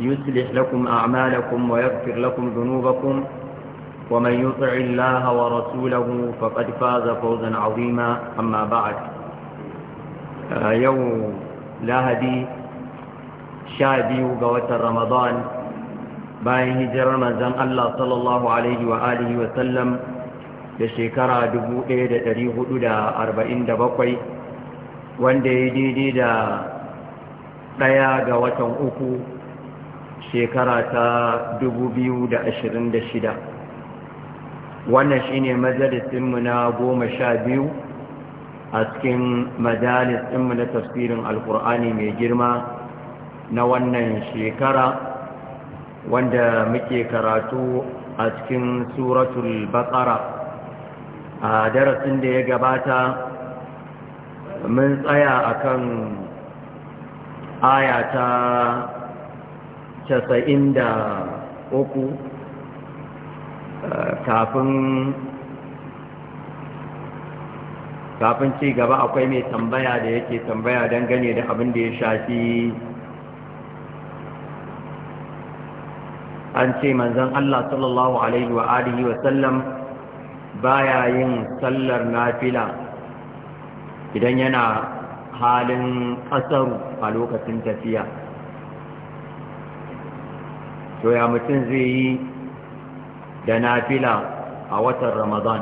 يصلح لكم أعمالكم ويغفر لكم ذنوبكم ومن يطع الله ورسوله فقد فاز فوزا عظيما أما بعد يوم lahadi sha biyu ga watan ramadan bayan hijirar manzan Allah sallallahu Alaihi wa alihi wasallam da da 1447 wanda ya daidai da ɗaya ga watan uku shekara ta da ashirin shida, wannan shi shine majalisinmu na goma sha biyu a cikin majalisinmu na tafsirin alkur'ani mai girma na wannan shekara wanda muke karatu a cikin suratul baqara a darasin da ya gabata mun tsaya akan aya ta casa'in da uku eh, kafin ci gaba akwai mai tambaya da yake tambaya don gane da abin da ya shafi an ce manzan Allah sallallahu Alaihi wa alihi wasallam baya yin sallar nafila idan yana halin ƙasar a lokacin tafiya to ya mutum zai yi da nafila a watan ramadan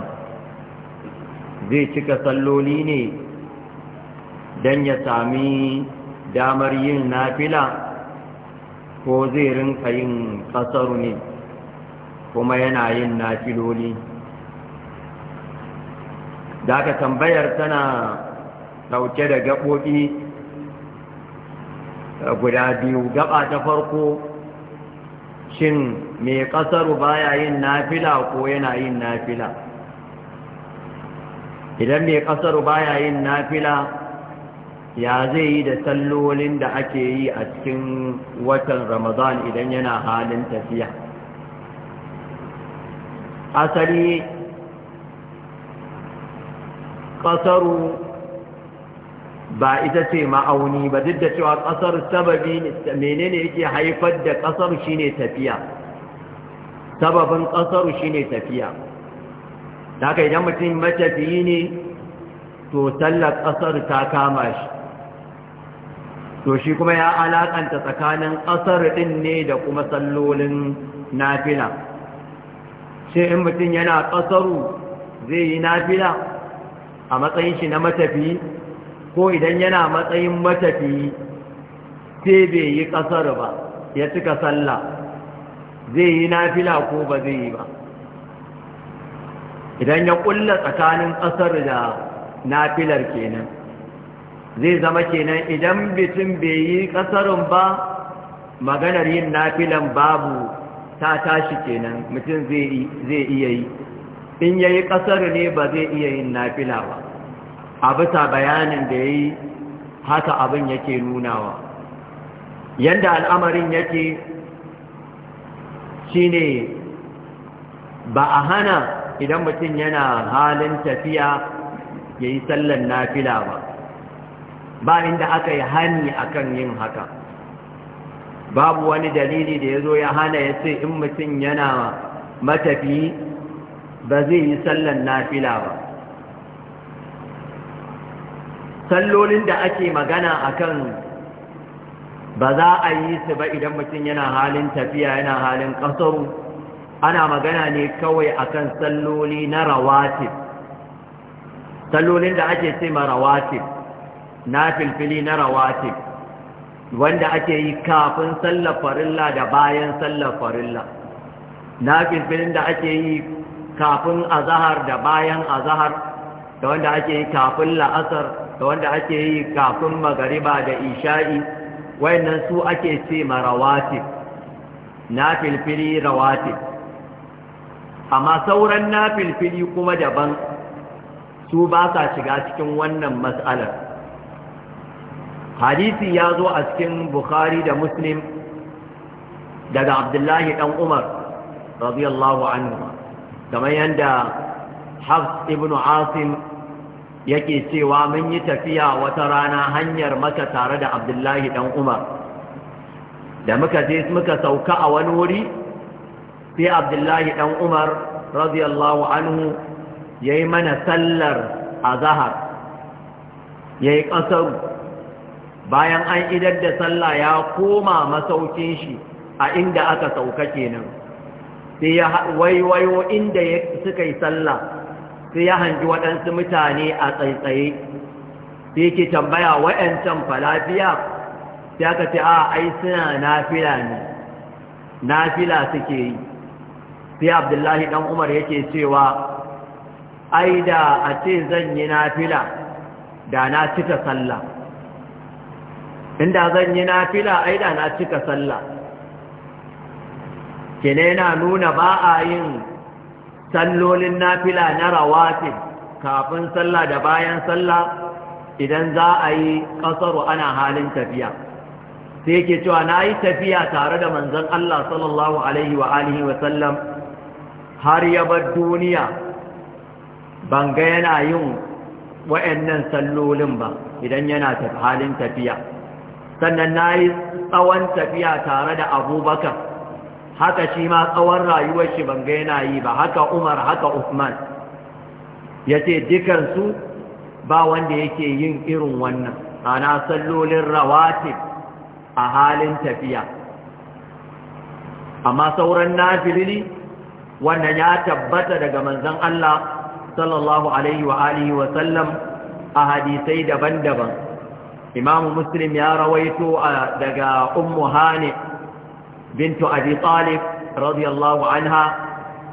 zai cika salloli ne don ya sami damar yin nafila ko zai rinka yin kasaru ne kuma yana yin nafiloli da aka tambayar tana ɗauke da gaɓoɓi eh, guda biyu gaba ta farko shin mai kasaru baya yin nafila ko yana yin nafila idan mai kasaru baya yin nafila ya zai yi da sallolin da ake yi a cikin watan ramadan idan yana halin tafiya asali kasaru ba ita ce ma'auni ba duk da cewa ƙasar sababi menene yake haifar da ƙasar shine tafiya sababin ƙasar shine tafiya da haka idan mutum matafiyi ne to sallar ƙasar ta kama shi to shi kuma ya alaƙanta tsakanin ƙasar ɗin ne da kuma sallolin nafila shi in mutum yana ƙasaru zai yi nafila a matsayin shi na matafiyi ko idan yana matsayin matafi sai bai yi ƙasar ba ya cika sallah zai yi nafila ko ba zai yi ba idan ya ƙulla tsakanin ƙasar da nafilar kenan zai zama kenan idan bitin bai yi ƙasarin ba maganar yin nafilan babu ta tashi kenan mutum zai iya yi in ya yi ƙasar ne ba zai iya yin nafila ba a bisa bayanin da ya yi haka abin yake nunawa yadda al'amarin yake shine ba a hana idan mutum yana halin tafiya ya yi sallan nafila ba ba inda aka yi hani akan yin haka babu wani dalili da ya zo ya hana ya ce in mutum yana matafi ba zai yi sallan nafila ba sallolin da ake magana akan ba za a yi su ba idan mutum yana halin tafiya yana halin kasaru ana magana ne kawai akan salloli na rawatib sallolin da ake ce ma rawatib na filfili na rawatib wanda ake yi kafin sallar farilla da bayan sallar farilla na filfilin da ake yi kafin azahar da bayan azahar da wanda ake yi kafin la'asar da wanda ake yi kafin magariba da isha'i wayannan su ake ce ma rawatib na filfili rawatib amma sauran na filfili kuma daban su ba sa shiga cikin wannan matsalar hadisi ya zo a cikin bukhari da muslim daga abdullahi dan umar radiyallahu anhu kamar yadda hafs ibn asim yake cewa mun yi tafiya wata rana hanyar maka tare da abdullahi dan umar da muka je muka sauka a wani wuri sai abdullahi dan umar radiyallahu anhu ya yi mana sallar a zahar ya yi ƙasar bayan an idar da sallah ya koma masaukin shi a inda aka sauka kenan sai ya waiwayo inda suka yi sallah sai ya hanji waɗansu mutane a tsaitsaye sai yake tambaya wa'yancan falafiya sai aka ce a ai suna nafila ne nafila suke yi sai abdullahi ɗan umar yake cewa ai da a ce zan yi nafila da na cika sallah inda zan yi nafila ai da na cika sallah kene na nuna ba a yin sallolin nafila na rawatin kafin sallah da bayan sallah idan za a yi ƙasaru ana halin tafiya sai ke cewa na yi tafiya tare da manzon Allah sallallahu alaihi wa alihi wa sallam har ya bar duniya ban ga yana yin wa'annan sallolin ba idan yana halin tafiya sannan na yi tsawon tafiya tare da abubakar haka shi ma tsawon rayuwar shi ban ga yana yi ba haka umar haka usman ya ce dukansu ba wanda yake yin irin wannan ana sallolin rawatib a halin tafiya amma sauran nafilili wannan ya tabbata daga manzon Allah sallallahu alaihi wa alihi wa sallam a hadisai daban-daban imamu muslim ya rawaito daga ummu hani bintu abi talib radiyallahu anha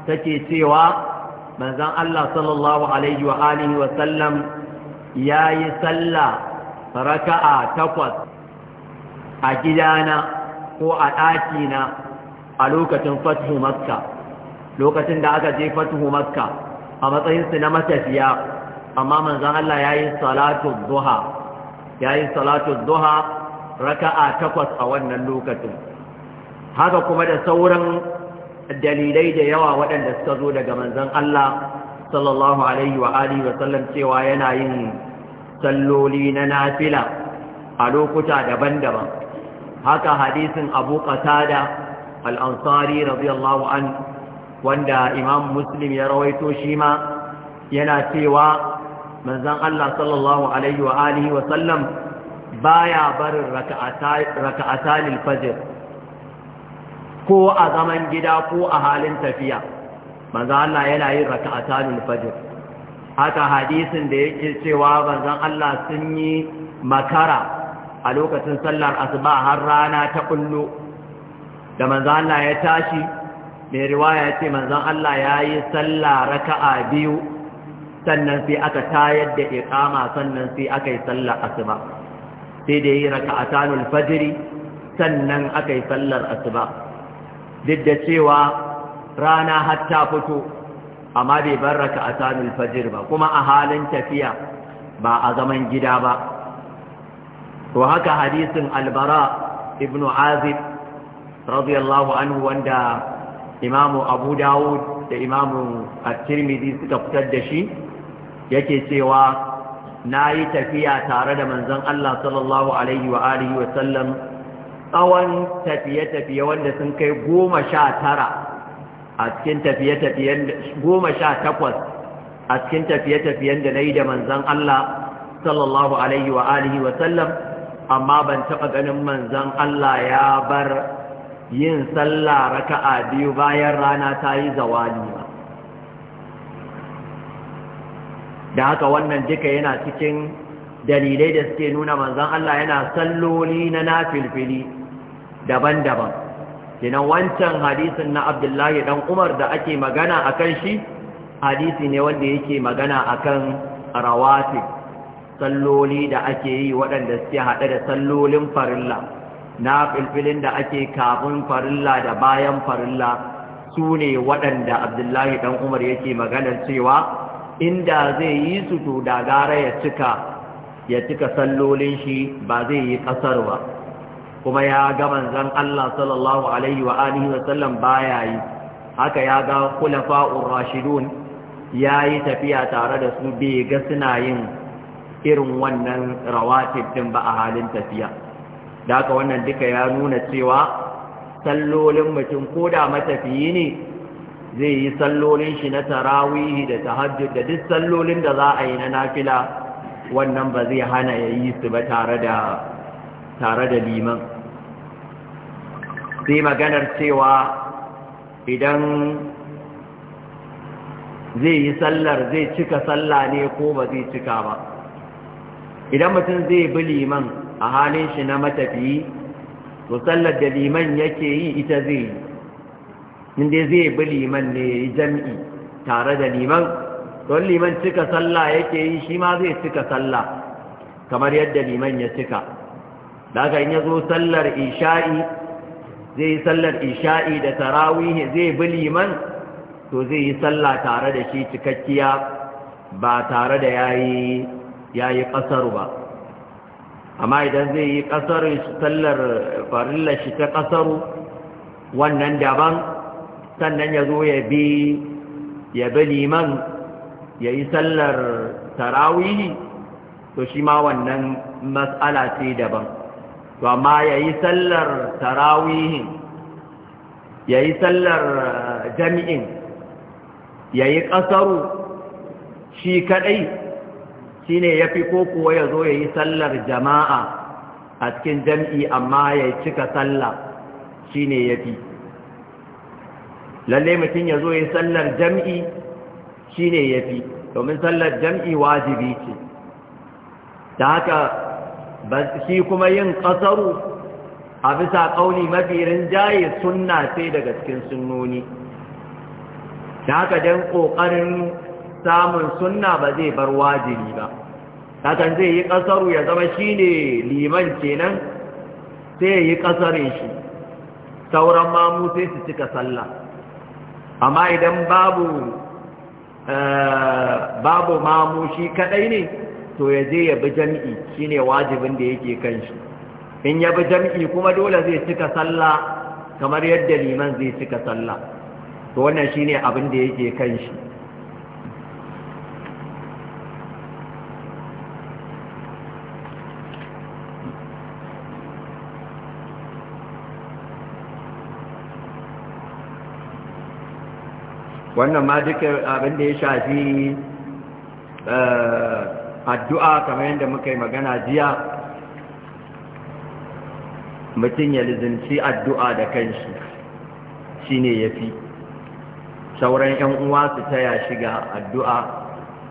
take cewa manzon Allah sallallahu alaihi wa alihi wa sallam yayi sallah raka'a takwas a gidana ko a ɗakina a lokacin fatihu makka lokacin da aka je fatihu makka a matsayinsu na matafiya amma manzon Allah ya yi salatu zuha, ya yi salatu duha raka'a takwas a wannan lokacin haka kuma da sauran dalilai da yawa waɗanda suka zo daga manzan Allah sallallahu alaihi wa wa sallam cewa yana yin salloli na nafila a lokuta daban-daban haka hadisin Abu Qatada al-Ansari radiyallahu an wanda Imam Muslim ya rawaito shi ma yana cewa Manzan Allah sallallahu alaihi wa wa sallam baya barin raka'atan al fajir ko a zaman gida ko a halin tafiya manzo Allah yana yin raka'atanul fajr haka hadisin da yake cewa manzan Allah sun yi makara a lokacin sallar asuba har rana ta kullu da manzo Allah ya tashi mai riwaya ce manzan Allah ya yi raka'a biyu sannan sai aka tayar da iqama sannan sai aka yi sallar asuba sai da yi raka'atanul fajr sannan aka yi sallar asuba duk da cewa rana har ta fito amma bai bar raka a samun fajir ba kuma a halin tafiya ba a zaman gida ba to haka hadisin albara ibn azib radiyallahu anhu wanda imamu abu dawud da imamu at-tirmidhi suka fitar da shi yake cewa na yi tafiya tare da manzon Allah sallallahu alaihi wa alihi wa sallam tsawon tafiye-tafiye wanda sun kai goma sha tara a cikin tafiye-tafiyen goma sha takwas a cikin tafiye-tafiyen da na yi da manzan Allah sallallahu alaihi wa alihi amma ban taɓa ganin manzan Allah ya bar yin sallah raka'a biyu bayan rana ta yi zawali ba da haka wannan duka yana cikin dalilai da suke nuna manzan Allah yana salloli na nafilfili daban-daban kenan wancan hadisin na abdullahi dan umar da ake magana akan shi hadisi ne wanda yake magana a kan rawafi salloli da ake yi waɗanda suke haɗe da sallolin farilla na filfilin da ake kafin farilla da bayan farilla su ne waɗanda abdullahi dan umar yake maganar cewa inda zai yi su to da gara ya cika ya cika sallolin shi ba zai yi ƙasar ba kuma ya ga manzan Allah sallallahu alaihi wa alihi wa sallam baya yi haka ya ga khulafa'ur rashidun yayi tafiya tare da su bai ga suna yin irin wannan rawatib ba a halin tafiya da haka wannan duka ya nuna cewa sallolin mutum ko da matafiyi ne zai yi sallolin shi na tarawihi da tahajjud da duk sallolin da za a yi na nafila wannan ba zai hana ya yi su ba tare da liman sai maganar cewa idan zai yi sallar zai cika salla ne ko ba zai cika ba idan mutum zai bi liman a halin shi na matafiyi to sallar da liman yake yi ita zai yi inda zai bi liman ne ya yi jam'i tare da liman don liman cika salla yake yi shi ma zai cika salla kamar yadda liman ya cika daga in ya zo sallar isha'i zai yi sallar isha'i da tarawihi zai bi liman to zai yi salla tare da shi cikakkiya ba tare da yayi yayi kasar ba amma idan zai yi kasar sallar farillar shi ta kasar wannan daban sannan ya zo ya bi ya bi liman ya yi sallar tarawihi, to shi ma wannan matsala ce daban to amma yayi sallar tarawihin yayi sallar eh, jami'in yayi kasaru shi kadai shine yafi ko kuwa yazo yayi sallar jama'a a cikin jami'i amma ya cika sallah shine yafi lalle mutum yazo yayi sallar jam'i shine yafi domin sallar jam'i wajibi ce da haka shi kuma yin ƙasaru a bisa ƙauni mafi jaye sunna sai daga cikin sunnoni da haka don ƙoƙarin samun sunna ba zai bar wajibi ba hakan zai yi ƙasaru ya zama shi ne liman kenan sai ya yi ƙasarin shi sauran mamu sai su cika sallah amma idan babu eh, babu mamu shi kaɗai ne to ya je ya bi jam'i shine wajibin da yake kan shi in ya bi jam'i kuma dole zai cika sallah kamar yadda liman zai cika sallah to wannan shine abin da yake kan shi wannan ma duka abin da ya shafi eh, addu'a kamar yadda muka yi magana jiya mutum ya lizinci addu'a da kanshi shi ne ya fi sauran 'yan uwa su taya shiga addu'a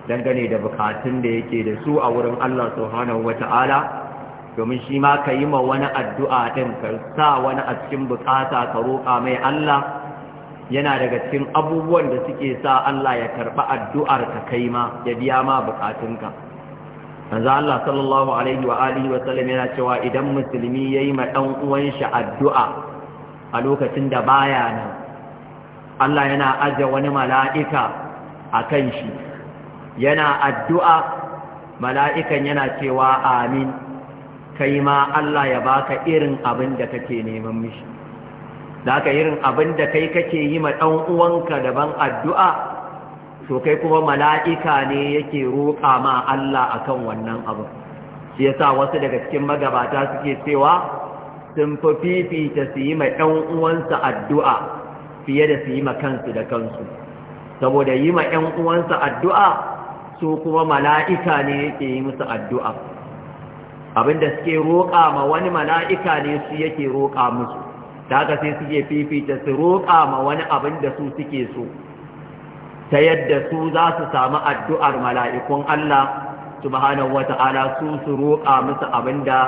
dangane da bukatun da yake da su a wurin Allah Subhanahu wata'ala domin shi ma ka yi ma wani addu'a ɗin ka sa wani a cikin bukata ka roƙa mai Allah yana daga cikin abubuwan da suke sa Allah ya karɓi addu'ar ka kai ma ya biya ma bukatunka manzo Allah sallallahu alaihi wa alihi wa sallam yana cewa idan musulmi yayi ma dan uwan shi addu'a a lokacin da baya nan Allah yana aje wani mala'ika akan shi yana addu'a mala'ikan yana cewa amin kai ma Allah ya baka irin abin da kake neman mishi da irin abin da kai kake yi ma dan uwanka daban addu'a to kai kuma mala'ika ne yake roƙa ma Allah akan wannan abu shi yasa wasu daga cikin magabata suke cewa sun fi fifita su yi ma ɗan uwansa addu'a fiye da su yi ma kansu da kansu saboda yi ma ɗan uwansa addu'a su kuma mala'ika ne yake yi musu addu'a abinda suke roƙa ma wani mala'ika ne su yake roƙa musu ta haka sai suke fifita su roƙa ma wani abin da su suke so ta yadda su za su samu addu'ar mala'ikun Allah subhanahu wata'ala su su roƙa musu abin da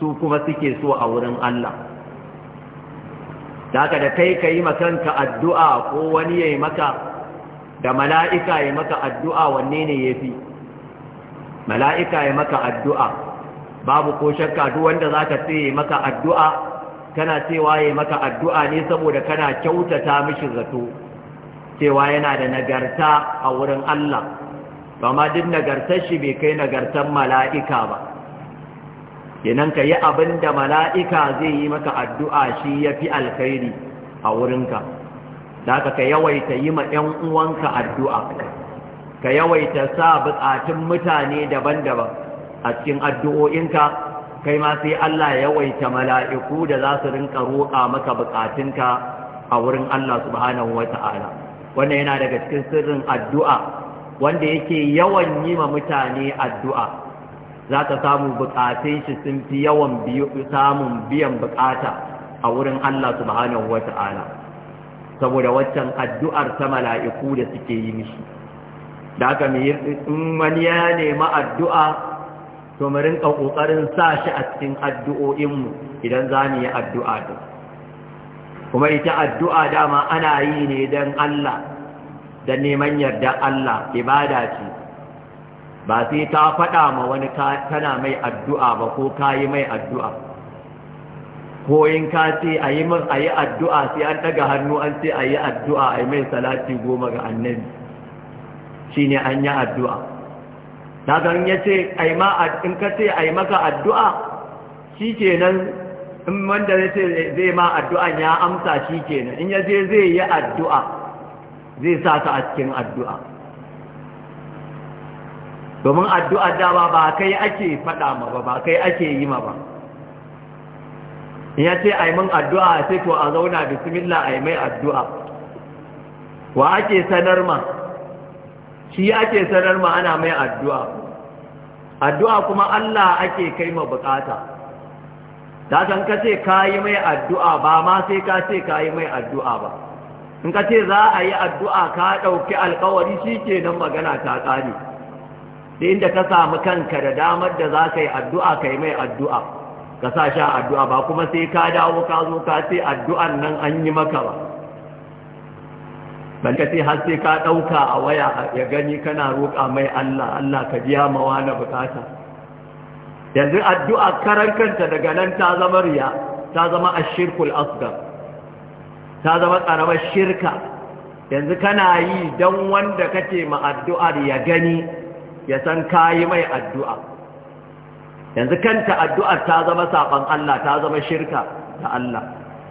su kuma suke so a wurin Allah daga da kai ka yi makanka addu'a ko wani ya yi maka da mala'ika ya maka addu'a wanne ne ya fi mala'ika ya maka addu'a babu ko shakka duk wanda za ka yi maka addu'a kana cewa ya maka addu'a ne saboda kana kyautata mishi zato cewa yana da nagarta a wurin Allah amma duk nagartar shi bai kai nagartar mala'ika ba kenan ka yi abin da mala'ika zai yi maka addu'a shi ya fi alkhairi a wurinka da ka yawaita yi ma ‘yan uwanka addu'a ka yawaita sa buƙatun mutane daban-daban a cikin addu'o'inka kai ma sai Allah ya yawaita mala'iku da za su rinka roƙa maka buƙatunka a wurin Allah subhanahu wa ta'ala. wannan yana daga cikin sirrin addu'a wanda yake yawan yi ma mutane addu'a za ka samu bukatun shi sun fi yawan samun biyan bukata a wurin Allah subhanahu wa ta'ala saboda waccan addu'ar ta mala'iku da suke yi mishi da aka in wani ya nemi addu'a to mu rinka kokarin sa shi a cikin addu'o'inmu idan za mu yi addu'a din kuma ita addu'a dama ana yi ne don Allah don neman yarda Allah ibada ce ba sai ta faɗa ma wani tana mai addu'a ba ko ka yi mai addu'a ko in ka ce a yi min a addu'a sai an ɗaga hannu an ce a yi addu'a a yi mai salati goma ga annabi shi ne an yi addu'a na ganin ya ce in ka ce a yi maka addu'a shi kenan in wanda zai ce zai ma addu'an ya amsa shi kenan in ya je zai yi addu'a zai sa ta a cikin addu'a domin addu'a dama ba kai ake faɗa ma ba ba kai ake yi ma ba in ya ce a yi min addu'a sai to a zauna bismillah a yi mai addu'a wa ake sanar ma shi ake sanar ma ana mai addu'a addu'a kuma Allah ake kai ma bukata Da kan ka ce ka yi mai addu'a ba ma sai ka ce ka yi mai addu'a ba in ka ce za a yi addu'a ka ɗauki alkawari shi ke nan magana ta ƙari da inda ka samu kanka da damar da za ka yi addu'a ka yi mai addu'a ka sa sha addu'a ba kuma sai ka dawo ka zo ka ce addu'an nan an yi maka ba ka ce har sai ka ɗauka a waya ya gani kana roƙa mai Allah Allah ka biya mawa na bukata yanzu addu'a karan kanta daga nan ta zama riya ta zama ashirkul asgar ta zama ƙaramar shirka yanzu kana yi don wanda kake ma addu'ar ya gani ya san kayi mai addu'a yanzu kanta addu'ar ta zama saƙon Allah ta zama shirka ta Allah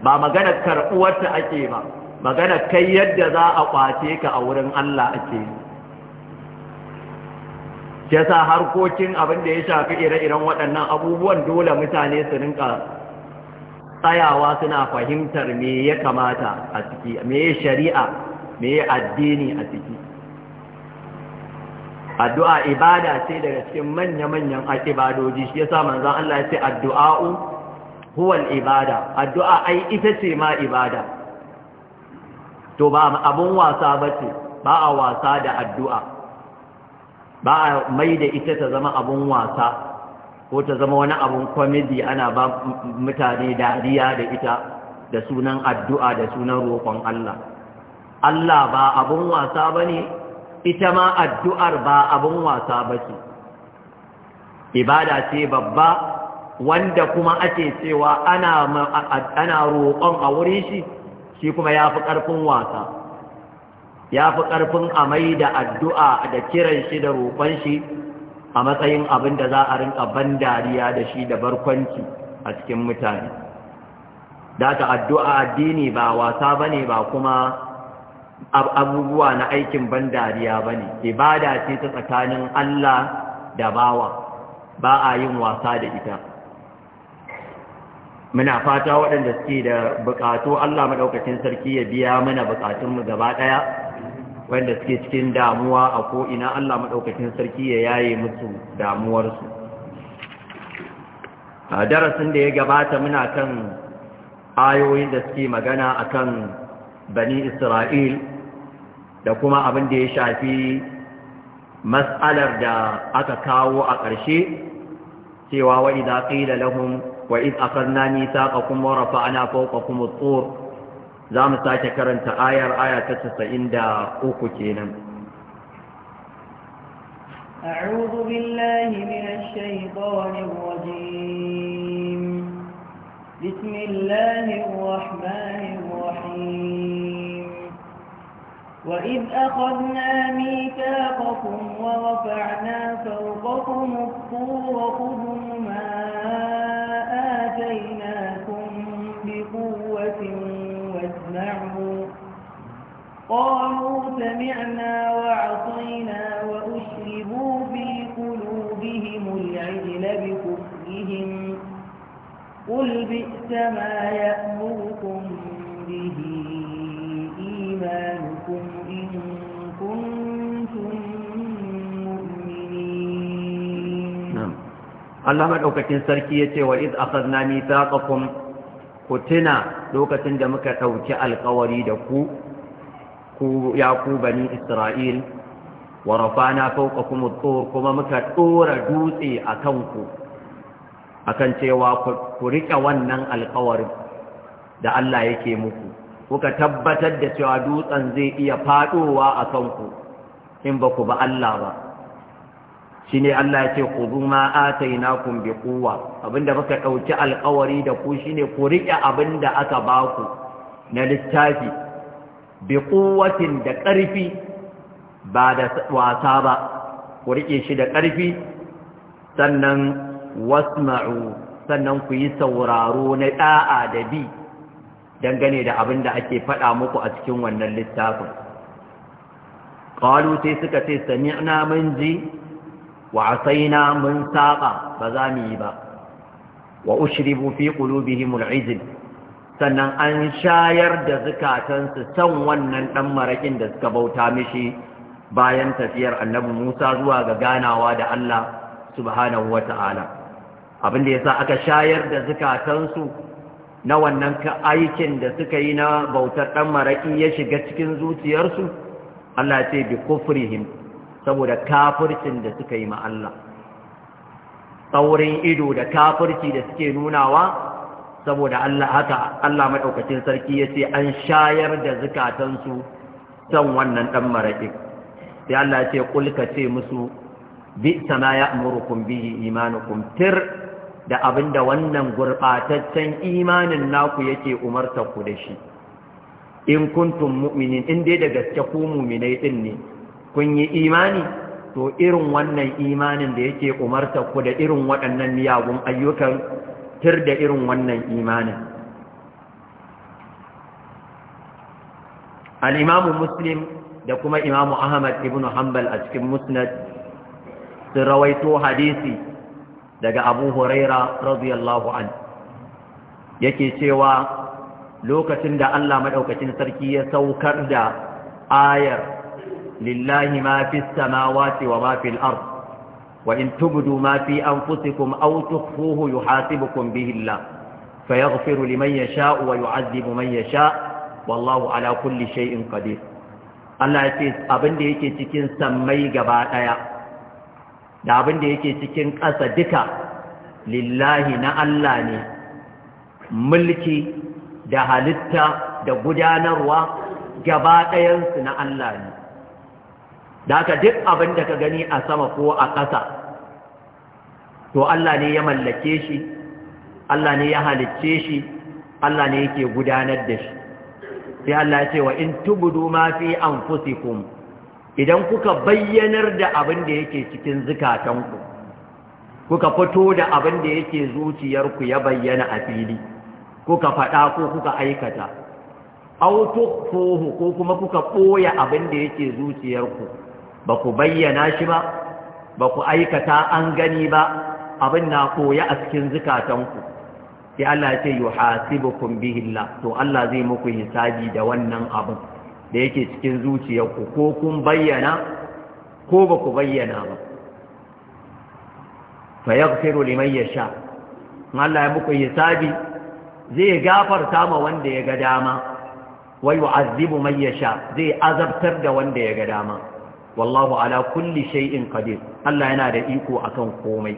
ba magana karɓuwarta ake ba magana kai yadda za a kwace ka a wurin Allah ake yi Yasa harkokin abin da ya shafi ire-iren waɗannan abubuwan dole mutane su rinka tsayawa suna fahimtar me ya kamata a ciki me ya shari'a me ya addini a ciki addu'a ibada ce daga cikin manya-manyan ibadoji shi yasa manzon Allah ya ce addu'a'u huwal ibada addu'a ai ita ce ma ibada to ba abun wasa bace ba a wasa da addu'a ba a mai da ita ta zama abun wasa ko ta zama wani abun kwamidi ana ba mutane dariya da ita da sunan addu'a da sunan roƙon Allah Allah ba abun wasa ba ne ita ma addu'ar ba abun wasa ba ce ibada ce babba wanda kuma ake cewa ana roƙon a wurin shi shi kuma ya fi ƙarfin wasa ya fi ƙarfin amai da addu'a da kiran shi da roƙon shi a matsayin abin da za a rinka ban dariya da shi da barkwanci a cikin mutane data addu'a addini ba wasa ba ne ba kuma abubuwa na aikin ban dariya ba ne ibada ce ta tsakanin Allah da bawa ba a yin wasa da ita muna fata waɗanda suke da buƙatu Allah maɗaukacin sarki ya biya mana buƙatunmu gaba ɗaya wanda suke cikin damuwa a ko'ina Allah maɗaukacin sarki ya yaye musu damuwarsu a darasin da ya gabata muna kan ayoyin da suke magana akan bani isra'il da kuma abin da ya shafi mas'alar da aka kawo a ƙarshe cewa wa'iza ƙila lahum wa'iz akarna nisa ƙakun marafa ana fauƙa kuma tsoro za mu sake karanta ayar aya ta casa'in kenan أعوذ بالله من الشيطان الرجيم بسم الله الرحمن الرحيم وإذ أخذنا ميثاقكم ورفعنا فوقكم الطور خذوا ما قالوا سمعنا وعصينا وأشربوا في قلوبهم العجل بكفرهم قل بئس ما يأمركم به إيمانكم إن كنتم Allah maɗaukakin sarki ya ce wa iz akhazna mithaqakum kutina lokacin da muka ɗauki alƙawari da ku ya ku bani isra'il wa rafana fawqakum at-tur kuma muka dora dutse akan ku akan cewa ku rike wannan alƙawarin da Allah yake muku kuka tabbatar da cewa dutsen zai iya faɗowa akan ku in ba ku ba Allah ba shine Allah ya ce khudhu ma atainakum bi quwwa abinda muka ɗauki alƙawari da ku shine ku abin abinda aka baku na littafi bi kuwatin da ƙarfi ba da wasa ba ku riƙe shi da ƙarfi sannan wasma'u sannan ku yi sauraro na ɗa'a da bi dangane da abin da ake faɗa muku a cikin wannan littafin ƙalu sai suka ce sami'na mun ji wa asaina mun saƙa ba za mu yi ba wa ushribu fi qulubihim al'izl sannan an shayar da zukatansu san wannan ɗan maraƙin da suka bauta mishi bayan tafiyar annabi Musa zuwa ga ganawa da Allah subhanahu wa ta'ala abin da ya sa aka shayar da zukatansu na wannan aikin da suka yi na bautar ɗan maraƙi ya shiga cikin zuciyarsu Allah ce bi kufrihim saboda kafircin da suka yi ma Allah tsaurin ido da kafirci da suke nunawa saboda Allah haka Allah maɗaukacin sarki ya ce an shayar da zukatansu san wannan ɗan maraƙi sai Allah ya ce kul ce musu bi sama ya'murukum bihi imanukum tir da abinda wannan gurɓataccen imanin naku yake umartar ku da shi in kuntum mu'minin in dai da gaske ku mu'minai din ne kun yi imani to irin wannan imanin da yake umarta ku da irin waɗannan miyagun ayyukan tir da irin wannan imanin al'imamu muslim da kuma imamu ahmad ibn hanbal a cikin musnad sun rawaito hadisi daga abu huraira radiyallahu an yake cewa lokacin da allah maɗaukacin sarki ya saukar da ayar lillahi ma fi samawati wa ma fil ard وإن تبدوا ما في أنفسكم أو تخفوه يحاسبكم به الله فيغفر لمن يشاء ويعذب من يشاء والله على كل شيء قدير Allah ya ce abin da yake cikin sammai gaba ɗaya da abin da yake cikin ƙasa duka lillahi na Allah ne mulki da halitta da gudanarwa gaba ɗayansu na Allah ne da ka duk abin da ka gani a sama ko a ƙasa to Allah ne ya mallake shi Allah ne ya halicce shi Allah ne yake gudanar da shi sai Allah ya ce wa in tubudu ma fi anfusikum idan kuka bayyanar da abin da yake cikin zukatanku kuka fito da abin da yake zuciyarku ya bayyana a fili kuka faɗa ko kuka aikata auto ko kuma kuka ɓoye abin da yake zuciyarku ba ku bayyana shi ba ba ku aikata an gani ba abin na koya a cikin zukatanku sai Allah ya ce yuhasibukum bihillah to Allah zai muku hisabi da wannan abin da yake cikin zuciyarku ko kun bayyana ko ba ku bayyana ba fa yaghfiru liman yasha Allah ya muku hisabi zai gafarta ma wanda ya ga dama wa yu'azzibu man yasha zai azabtar da wanda ya ga dama wallahu ala kulli shay'in qadir Allah yana da iko akan komai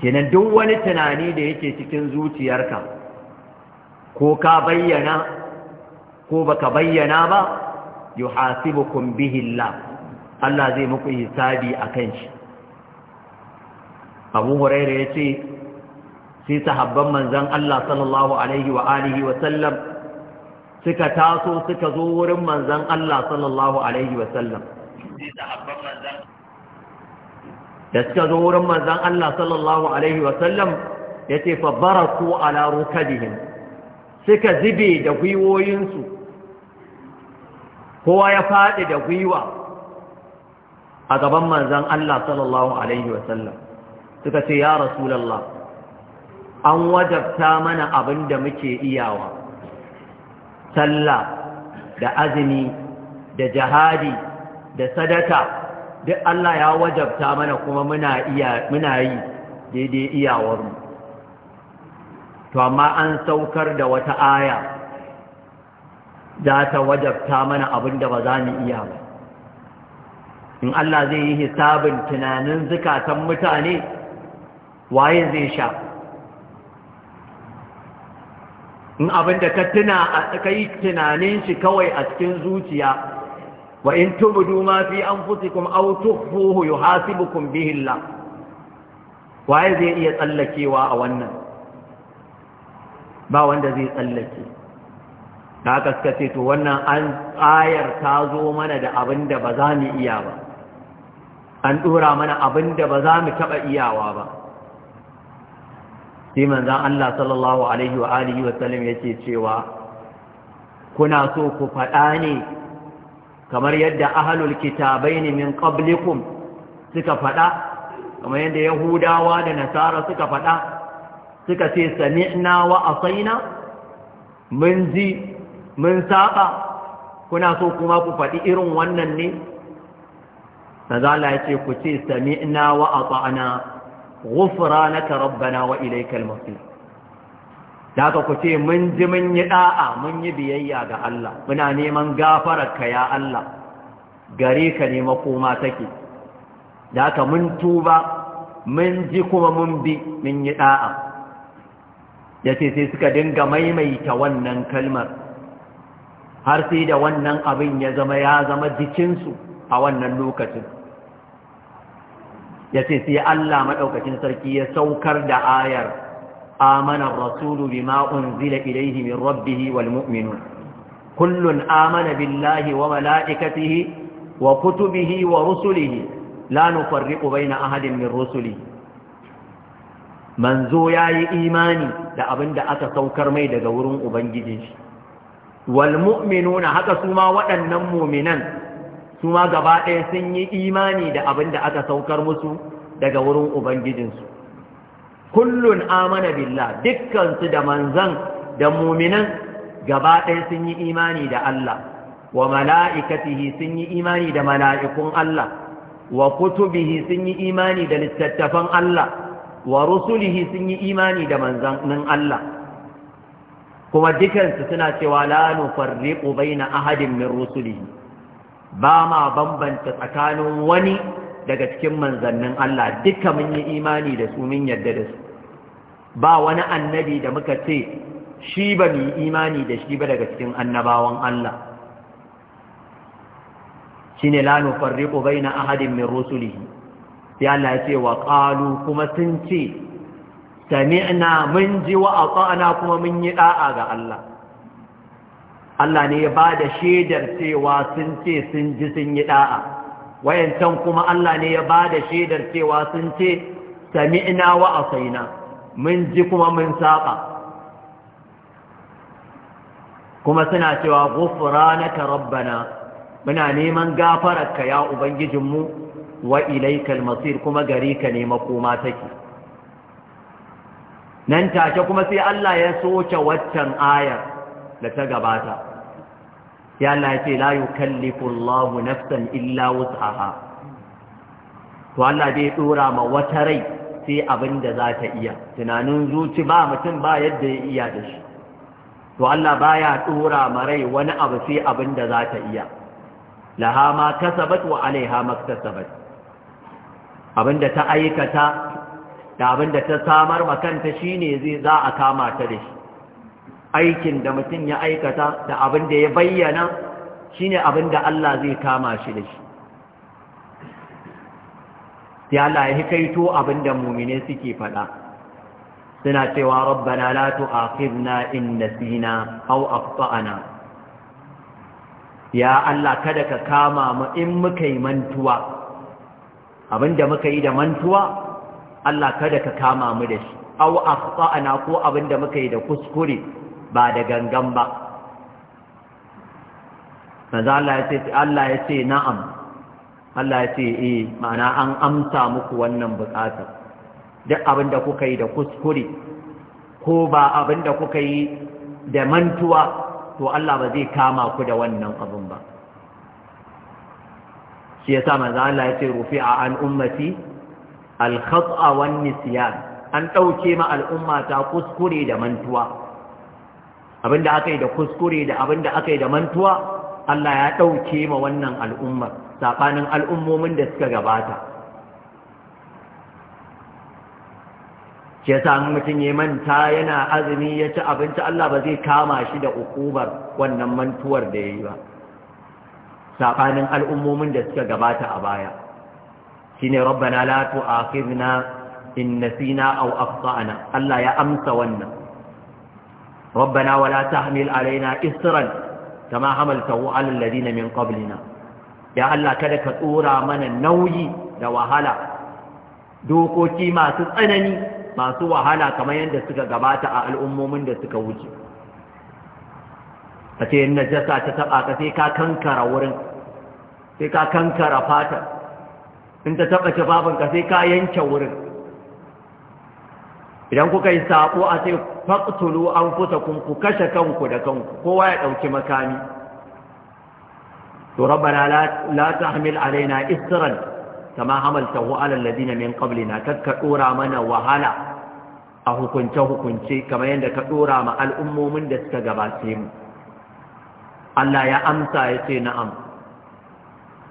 kenan duk wani tunani da yake cikin zuciyarka ko ka bayyana ko baka bayyana ba yuhasibukum bihi Allah Allah zai muku hisabi akan shi Abu Hurairah yace sai sahabban manzon Allah sallallahu alaihi wa alihi wa sallam suka taso suka zo wurin manzan Allah sallallahu alaihi wasallam da suka zo wurin manzan Allah sallallahu alaihi wasallam ya ce fabbara fabbaraku ala rukadihim suka zibe da gwiwoyinsu kowa ya faɗi da gwiwa a gaban manzan Allah sallallahu alaihi wasallam suka ce ya rasulallah an wajabta mana abin da muke iyawa sallah da azumi da jihadi da sadaka duk Allah ya wajabta mana kuma muna iya muna yi daidai iyawarmu to amma an saukar da wata aya za ta wajabta mana abin da ba za mu iya ba in Allah zai yi hisabin tunanin zukatan mutane waye zai sha in abin da ka tuna ka yi tunanin shi kawai a cikin zuciya wa in tubdu ma fi anfusikum aw tukhfuhu yuhasibukum bihi Allah waye zai iya tsallakewa a wannan ba wanda zai tsallake da aka suka ce to wannan an ayar ta zo mana da abin da ba za mu iya ba an dora mana abin da ba za mu taba iyawa ba sai manzan Allah sallallahu alaihi wa alihi wasallam ce cewa kuna so ku faɗa ne kamar yadda kitabai ne min qablikum suka faɗa kamar yadda yahudawa da nasara suka faɗa suka ce sami'na wa asaina mun ji mun saba kuna so kuma ku faɗi irin wannan ne Sazala ya ce ku ce sami'na wa ata'ana ghufranaka na wa ilaykal masir da haka ku ce mun ji mun yi da'a mun yi biyayya ga Allah muna neman gafararka ya Allah gare ka ne makoma take da haka mun tuba mun ji kuma mun bi mun yi da'a ya ce sai suka dinga maimaita wannan kalmar har sai da wannan abin ya zama ya zama jikinsu a wannan lokacin ya ce sai Allah maɗaukacin sarki ya saukar da ayar amana rasulu ma'un zila ilaihi min rabbihi wal mu'minun kullun amana billahi wa mala'ikatihi wa kutubihi wa rusulihi la nufarriqu baina ahadin min rusulihi manzo yayi imani da abinda aka saukar mai daga wurin ubangijin shi wal mu'minuna haka suma waɗannan mu'minan su ma gaba ɗaya sun yi imani da abin da aka saukar musu daga wurin ubangijinsu kullun amana billah dukkansu da manzan da muminan gaba ɗaya sun yi imani da Allah wa mala'ikatihi sun yi imani da mala'ikun Allah wa kutubihi sun yi imani da littattafan Allah wa rusulihi sun yi imani da manzannin Allah kuma dukansu suna cewa la nufarriqu na ahadin min rusulihi ba ma bambanta tsakanin wani daga cikin manzannin Allah duka mun yi imani da su mun yarda da su ba wani annabi da muka ce shi ba mu yi imani da shi ba daga cikin annabawan Allah shine la nufarriqu na ahadin min rusulihi ya Allah ya ce wa qalu kuma sun ce sami'na mun ji wa ata'na kuma mun yi da'a ga Allah Allah ne ya ba da shaidar cewa sun ce sun ji sun yi da'a wayancan kuma Allah ne ya ba da shaidar cewa sun ce sami'na wa Saina, mun ji kuma mun saba kuma suna cewa ghufranaka rabbana muna neman gafararka ya ubangijinmu wa ilaikal masir kuma gari ka ne makoma take nan take kuma sai Allah ya soke waccan ayar da ta gabata sai Allah ya ce la nafsan illa wus'aha to Allah dai dora ma wata rai sai abin da za ta iya tunanin zuci ba mutum ba yadda ya iya da shi to Allah baya dora ma rai wani abu sai abin da za ta iya laha ma kasabat wa alaiha Abin da ta aikata da da ta samar ma kanta shine zai za a kama ta da shi aikin da mutum ya aikata da abin da ya bayyana shine abin da Allah zai kama shi da shi ya lahi kaito abin da mumine suke faɗa suna cewa rabbana la tu'akhidna in nasina aw akhtana ya Allah kada ka kama mu in muka yi mantuwa abin da muka yi da mantuwa Allah kada ka kama mu da shi aw akhtana ko abin da muka yi da kuskure ba da gangan ba manzo Allah ya ce Allah ya ce na'am Allah ya ce e ma'ana an amsa muku wannan bukatar duk abinda kuka yi da kuskure ko ba abinda kuka yi da mantuwa to Allah ba zai kama ku da wannan abin ba shi sa manzo Allah ya ce rufi'a an ummati al-khata wan an ɗauke ma al'ummata kuskure da mantuwa abinda aka yi da kuskure da abinda aka yi da mantuwa Allah ya ɗauke ma wannan al'ummar saɓanin al'ummomin da suka gabata ke sami mutum ya manta yana azumi ya ci abinci Allah ba zai kama shi da ukubar wannan mantuwar da ya yi ba saɓanin al'ummomin da suka gabata a baya shi ne rabbana la tu'akhidna in nasina aw akhtana Allah ya amsa wannan ربنا ولا تحمل علينا إسرا كما حملته على الذين من قبلنا يا الله كذا كتورا من النوي لو هلا دوكوكي ما تسألني ما سوى هلا كما يندسك قباتا الأمم يندسك وجه kace in najasa ta taba ka sai ka kankara wurin sai ka kankara fata in ta taba shafafin ka sai ka yanke wurin idan kuka yi saƙo a sai an anfusakum ku kashe kanku da kanku kowa ya ɗauki makami to rabbana na la tahmil alaina isran kama hamaltahu ala na min qablina kakka ɗora mana wahala a hukunce hukunce kamar yadda ka ɗora ma al'ummomin da suka gabace mu Allah ya amsa ya ce na'am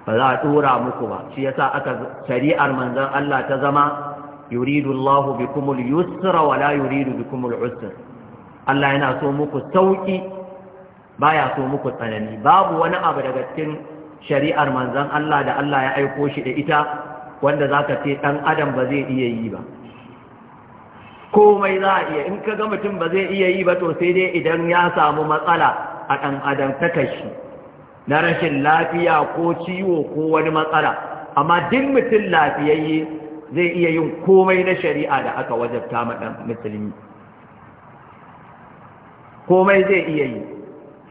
ba za a ɗora muku ba shi yasa aka shari'ar manzon Allah ta zama Yuridullahu Allah bikumul yusra wa la yuridu bikumul Allah yana so muku sauki baya so muku tsanani babu wani abu daga cikin shari'ar manzon Allah da Allah ya aiko shi da ita wanda zaka ce dan adam ba zai iya yi ba komai za a iya in ka ga mutum ba zai iya yi ba to sai dai idan ya samu matsala a ɗan adam ta na rashin lafiya ko ciwo ko wani matsala amma duk mutum lafiyayye zai iya yin komai na shari'a da aka wajabta maɗan musulmi komai zai iya yi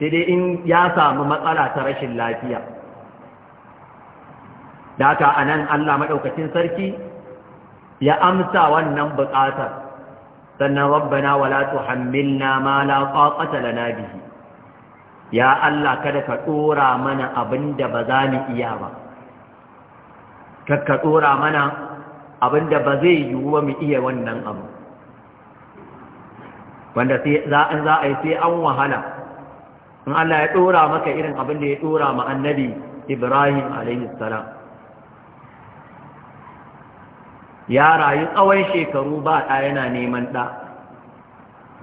sai dai in ya samu matsala ta rashin lafiya da anan a allah maɗaukacin sarki ya amsa wannan buƙatar sannan rabbana wala tuhammilna ma la taqata lana bihi ya allah kada ka dora mana abinda ba za mu iya ba kada ka dora mana abinda ba zai yiwu mu iya wannan abu wanda sai za a yi sai an wahala in Allah ya dora maka irin abin da ya dora ma annabi Ibrahim alaihi salam ya rayu tsawon shekaru ba ɗa yana neman ɗa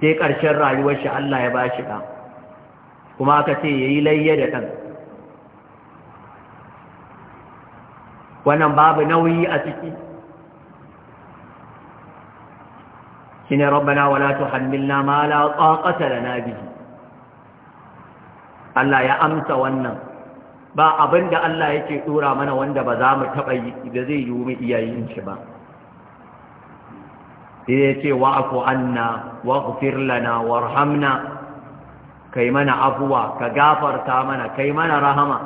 sai ƙarshen rayuwar shi Allah ya ba shi ɗa kuma aka ce ya yi layya da ɗan wannan babu nauyi a ciki shine rabbana wala tuhammilna ma la taqata lana bihi Allah ya amsa wannan ba abinda Allah yake dora mana wanda ba za mu taba yi da zai yi mu iyayen shi ba sai ya ce wa'fu anna waghfir lana warhamna kai mana afuwa ka gafarta mana kai mana rahama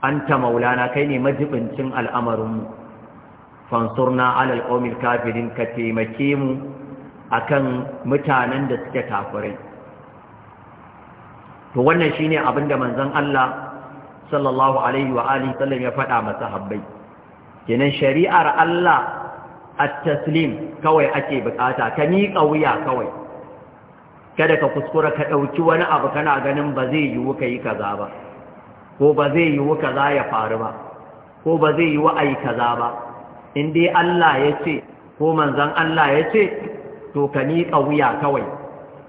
anta maulana kai ne majibincin al'amarinmu fansurna alal qawmil kafirin ka taimake mu akan mutanen da suke kafirai to wannan shine abin da manzon Allah sallallahu alaihi wa alihi sallam ya faɗa masa habbai kenan shari'ar Allah at-taslim kawai ake bukata ka miƙa wuya kawai kada ka kuskura ka ɗauki wani abu kana ganin ba zai yiwu ka yi kaza ba ko ba zai yiwu kaza ya faru ba ko ba zai yiwu a kaza ba in dai Allah ya ce ko manzon Allah ya ce to ka wuya kawai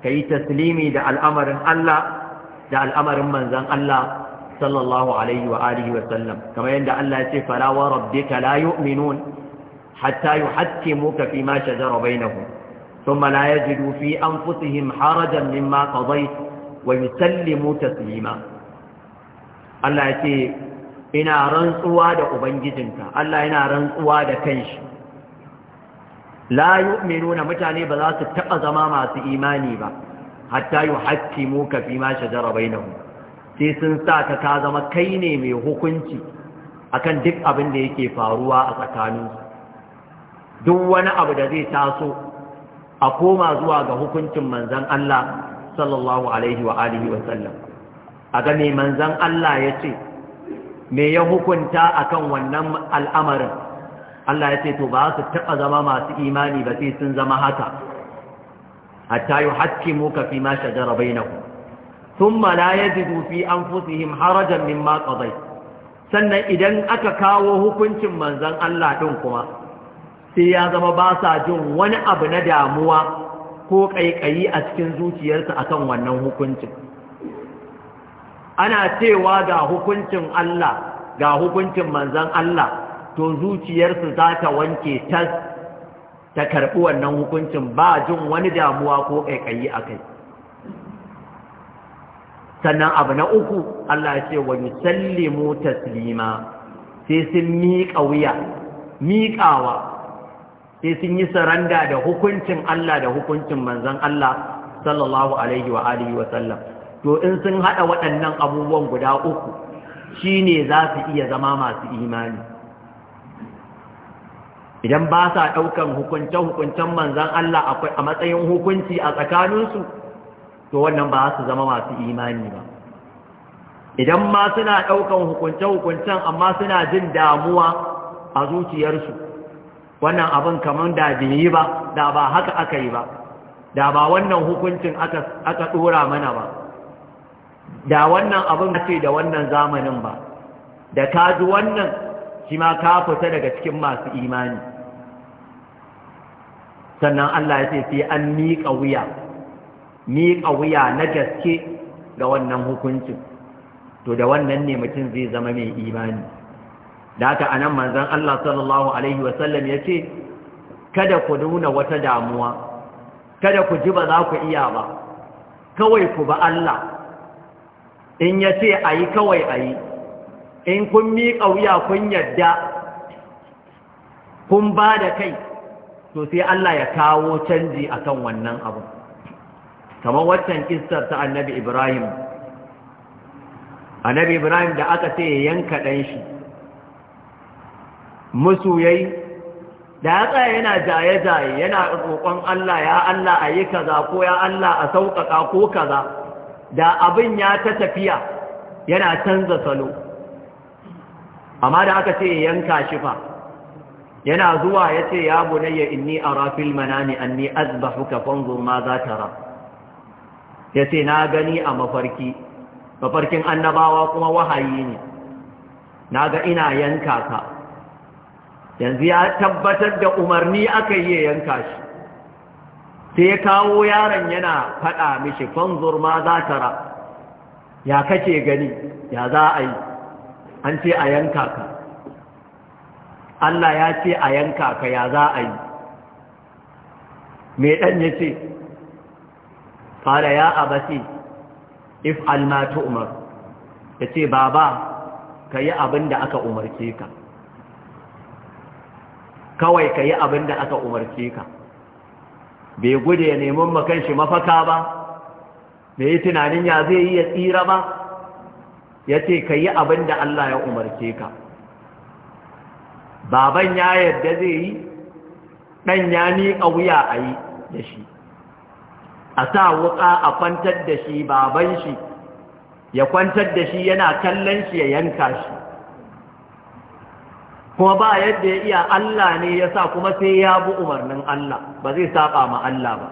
ka yi taslimi da al'amarin Allah da al'amarin manzan Allah sallallahu alaihi wa alihi wa sallam kamar yadda Allah ya ce fala wa rabbika la yu'minun hatta yuhaqqimuka fi ma shajara bainahum thumma la yajidu fi anfusihim harajan mimma qadayt wa yusallimu taslima Allah ya ce ina rantsuwa da ubangijinka Allah yana rantsuwa da kanshi la nuna mutane ba za su taɓa zama masu imani ba hatta yuhaqqimu ka fi ma shajara hu sai sun sa ka ka zama kai ne mai hukunci akan duk abin da yake faruwa a tsakaninsu duk wani abu da zai taso a koma zuwa ga hukuncin manzan Allah sallallahu alaihi wa alihi wa sallam a ga mai manzan Allah ya ce me ya hukunta akan wannan al'amarin Allah ya ce to ba su taɓa zama masu imani ba sai sun zama haka hatta yuhakkimu ka fi ma shajara bainahum thumma la yajidu fi anfusihim harajan mimma qadayt sannan idan aka kawo hukuncin manzon Allah din kuma sai ya zama ba sa jin wani abu na damuwa ko kaikayi a cikin zuciyarsa akan wannan hukuncin ana cewa ga hukuncin Allah ga hukuncin manzon Allah to zuciyarsu za ta wanke tas ta karɓi wannan hukuncin ba jin wani damuwa ko ƙaiƙayi a kai sannan abu na uku Allah ya ce wa sallimu taslima sai sun miƙa wuya miƙawa sai sun yi saranda da hukuncin Allah da hukuncin manzan Allah sallallahu alaihi wa wa sallam to in sun haɗa waɗannan abubuwan guda uku shi ne za su iya zama masu imani idan ba sa ɗaukan hukunce-hukuncen manzan Allah a matsayin hukunci a tsakaninsu to wannan ba su zama masu imani ba idan ma suna ɗaukan hukunce-hukuncen amma suna jin damuwa a zuciyarsu wannan abin kamar da biyi ba da ba haka aka yi ba da ba wannan hukuncin aka ɗora mana ba da wannan abin ce da wannan zamanin ba da ka ji wannan shi ma ka fita daga cikin masu imani sannan Allah ya ce sai an miƙa wuya miƙa wuya na gaske ga wannan hukuncin to da wannan ne mutum zai zama mai imani da haka anan manzon Allah sallallahu alaihi wasallam ya ce kada ku nuna wata damuwa kada ku ji ba za ku iya ba kawai ku ba Allah in ya ce a yi kawai a yi in kun miƙa wuya kun yadda kun ba da kai to sai Allah ya kawo canji akan wannan abu kamar waccan kissar ta annabi Ibrahim annabi Ibrahim da aka ce ya yanka dan shi musu yayi da ya tsaya yana jaye-jaye yana roƙon Allah ya Allah a yi kaza ko ya Allah a sauƙaƙa ko kaza da abin ya ta tafiya yana canza salo amma da aka ce yanka shi fa yana zuwa ya ce ya bunayya inni ara fil manami anni azbahuka fanzur ma za tara ya ce na gani a mafarki mafarkin annabawa kuma wahayi ne na ga ina yanka ka yanzu ya tabbatar da umarni aka yi yanka shi sai ya kawo yaron yana faɗa mishi fanzur ma za tara ya kace gani ya za a yi an ce a yanka ka Allah ya ce a yanka ka ya za a yi mai ɗan ya ce fara ya abasi if almatu umar ya ce baba ka yi abin da aka umarce ka kawai ka yi abin da aka umarce ka bai gude ya neman makan shi mafaka ba bai yi tunanin ya zai yi ya tsira ba ya ce ka yi abin da Allah ya umarce ka baban ya yarda zai yi ɗan ya miƙa wuya a yi da shi a sa wuƙa a kwantar da shi baban shi ya kwantar da shi yana kallon shi ya yanka shi kuma ba yadda ya iya Allah ne ya sa kuma sai ya bi umarnin Allah ba zai saba ma Allah ba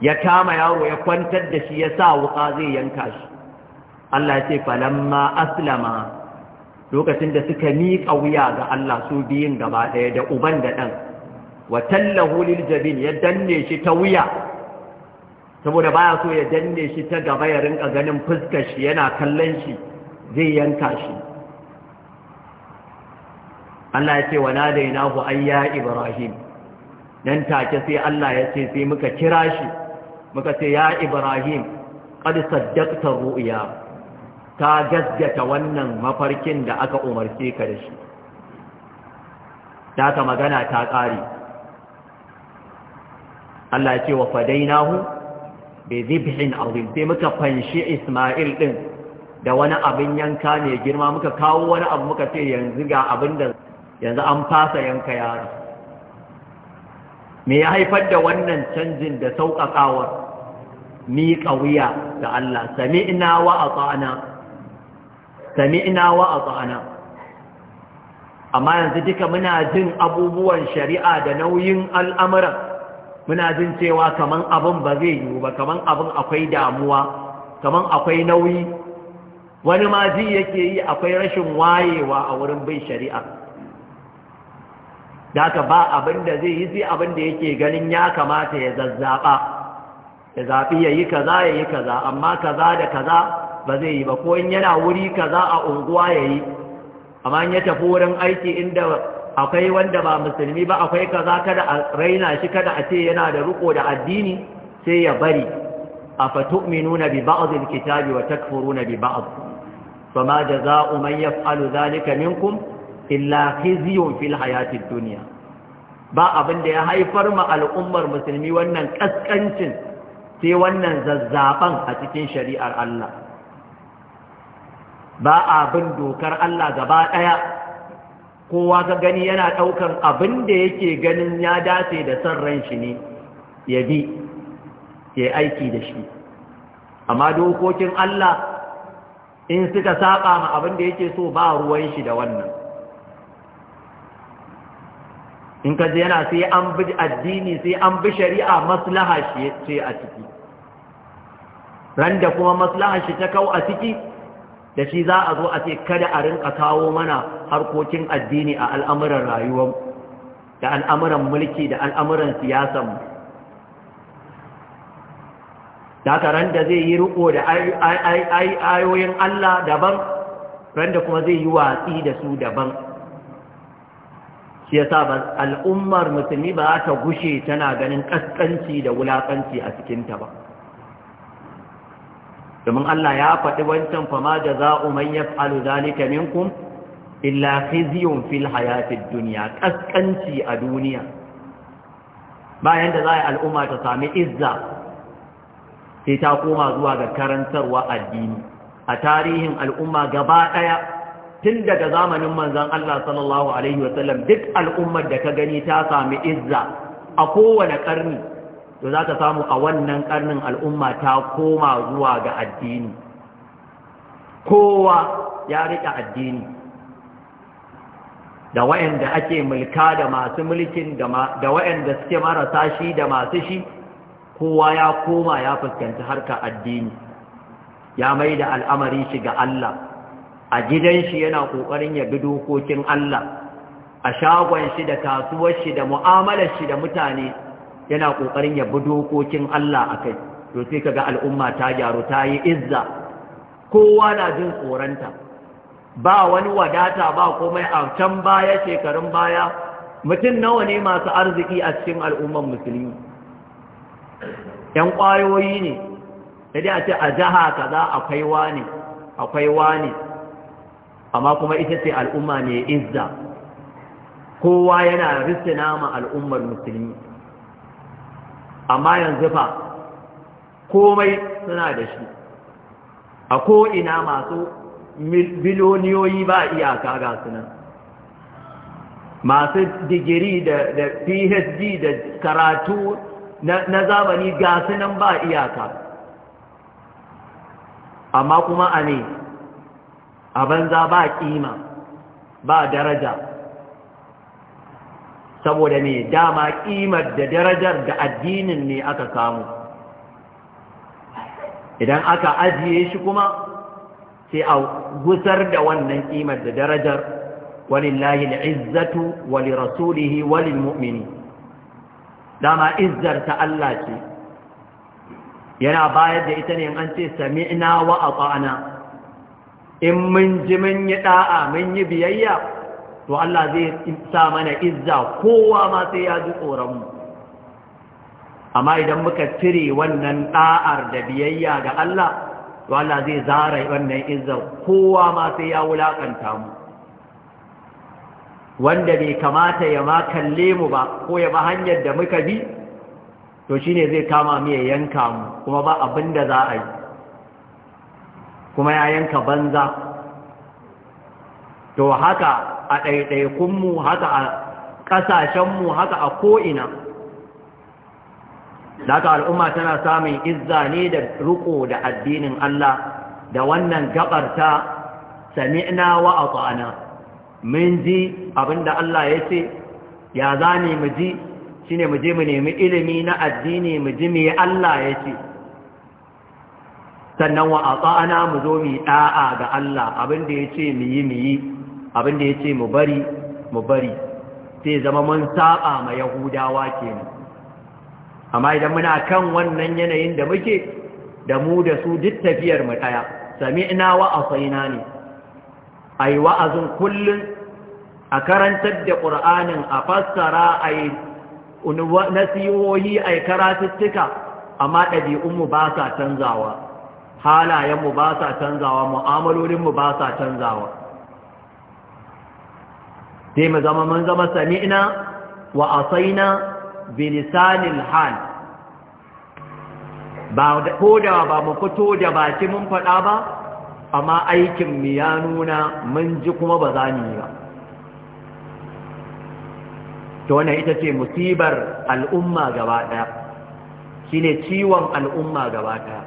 ya kama yaro ya kwantar da shi ya sa wuƙa zai yanka shi Allah ya ce falamma aslama lokacin da suka miƙa wuya ga Allah su biyun gaba ɗaya da uban da ɗan wa tallahu lil jabin ya danne shi ta wuya saboda baya so ya danne shi ta gaba ya rinka ganin fuskar shi yana kallon shi zai yanka shi Allah ya ce wa nadainahu ayya ibrahim nan take sai Allah ya ce sai muka kira shi muka ce ya ibrahim qad saddaqta ru'ya ta gasgata wannan mafarkin da aka umarce ka da shi ta magana ta ƙare Allah ce wa fadainahu bi zibhin azim sai muka fanshi Isma'il din da wani abin yanka ne girma muka kawo wani abu muka ce yanzu ga abin da yanzu an fasa yanka yaro me ya haifar da wannan canjin da sauƙaƙawar miƙa wuya da Allah sami'na wa ata'na sami'na wa tsana. amma yanzu duka muna jin abubuwan shari'a da nauyin al'amuran muna jin cewa kaman abin ba zai yiwu ba kaman abin akwai damuwa kaman akwai nauyi wani ma ji yake yi akwai rashin wayewa a wurin bin shari'a da ka ba abin da zai yi sai abin da yake ganin ya kamata ya zazzaɓa ya zaɓi ya yi kaza ya yi kaza amma kaza da kaza ba zai yi ba ko in yana wuri kaza a unguwa yayi amma ya tafi wurin aiki inda akwai wanda ba musulmi ba akwai kaza kada a raina shi kada a ce yana da riko da addini sai ya bari afatu'minuna bi ba'd al-kitabi wa na bi ba'd fama jazaa'u man yaf'alu dhalika minkum illa khizyun fil hayati ad ba abin da ya haifar ma al'ummar musulmi wannan kaskancin sai wannan zazzaban a cikin shari'ar Allah ba a bin dokar Allah gaba ɗaya kowa ka gani yana ɗaukar abin da yake ganin ya dace da son ran shi ne ya bi ya aiki da shi amma dokokin Allah in suka saba ma abin da yake so ba ruwan shi da wannan in ka yana sai an bi addini sai an bi shari'a maslaha shi ce a ciki ran kuma maslaha shi ta kau a ciki da shi za a zo a ce kada a rinka kawo mana harkokin addini a al'amuran rayuwar da al'amuran mulki da al'amuran siyasan da ran da zai yi riko da ayoyin Allah daban ran da kuma zai yi watsi da su daban shi yasa ba al'ummar musulmi ba ta gushe tana ganin kaskanci da wulakanci a cikinta ba domin Allah ya faɗi wancan fama da za'u man yaf'alu zalika minkum illa khizyun fil hayatid dunya a duniya bayan da za a al'umma ta sami izza sai ta koma zuwa ga karantarwa addini a tarihin al'umma gaba ɗaya tun daga zamanin manzan Allah sallallahu Alaihi wasallam duk al'ummar da ka gani ta sami izza a kowane ƙarni to za ta samu a wannan karnin al'umma ta koma zuwa ga addini kowa ya riƙe addini da wayanda ake mulka da masu mulkin da wayanda suke marasa shi da masu shi kowa ya koma ya fuskanci harka addini ya mai da al'amari shi ga Allah a gidan shi yana ƙoƙarin ya bi dokokin Allah a shagon shi da kasuwar shi da mu'amalar shi da mutane yana ƙoƙarin ya bi dokokin Allah a kai to sai kaga al'umma ta gyaru ta yi izza kowa na jin tsoronta ba wani wadata ba komai a can baya shekarun baya mutum nawa ne masu arziki a cikin al'umman musulmi ‘yan ƙwayoyi ne da dai a ce a jiha kaza akwai wani akwai wani amma kuma ita ce al'umma ne, izza kowa yana risina ma al'ummar musulmi amma yanzu fa komai suna da shi a ko'ina masu biloniyoyi ba iyaka ga sunan masu digiri da phd da karatu na zamani ga sunan ba iyaka amma kuma a ne a banza ba kima ba daraja saboda me dama ƙimar da darajar da addinin ne aka samu idan aka ajiye shi kuma sai a gusar da wannan ƙimar da darajar walillahi al'izzatu wali rasulihi mu'mini dama izzar ta Allah ce yana bayar da ita ne an ce sami'na wa ata'na in mun ji mun yi ɗa'a mun yi biyayya to Allah zai sa mana izza kowa ma sai ya ji tsoron mu amma idan muka cire wannan da'ar da biyayya ga Allah to Allah zai zara wannan izza kowa ma sai ya wulakanta mu wanda bai kamata ya ma kalle mu ba ko ya ba hanyar da muka bi to shine zai kama mu ya yanka mu kuma ba abin da za a yi kuma ya yanka banza to haka a ɗaiɗaikunmu haka a ƙasashenmu haka a ko'ina da haka al'umma tana samun izza ne da riko da addinin Allah da wannan gabar ta sami'na wa ata'ana mun ji abinda Allah ya ce ya zane mu ji Shi ne mu je mu nemi ilimi na addini mu ji me Allah ya ce sannan wa tsana mu zo mu da'a ga Allah abinda ya ce mu yi mu yi abin da ya ce mu bari mu bari sai zama mun saba ma yahudawa kenan amma idan muna kan wannan yanayin da muke da mu da su duk tafiyar mu daya sami'na wa asaina ne ai wa'azin kullun a karantar da qur'anin a fassara ai nasihohi ai karatuttuka amma ɗabi'un mu ba sa canzawa halayen mu ba sa canzawa mu'amalolin mu ba sa canzawa sai mu zama mun zama sami'na wa asaina bilisanil hal ba da ba mu fito da baki mun faɗa ba amma aikin mu ya nuna mun ji kuma ba za ni ba to wannan ita ce musibar al'umma gaba ɗaya shine ciwon al'umma gaba ɗaya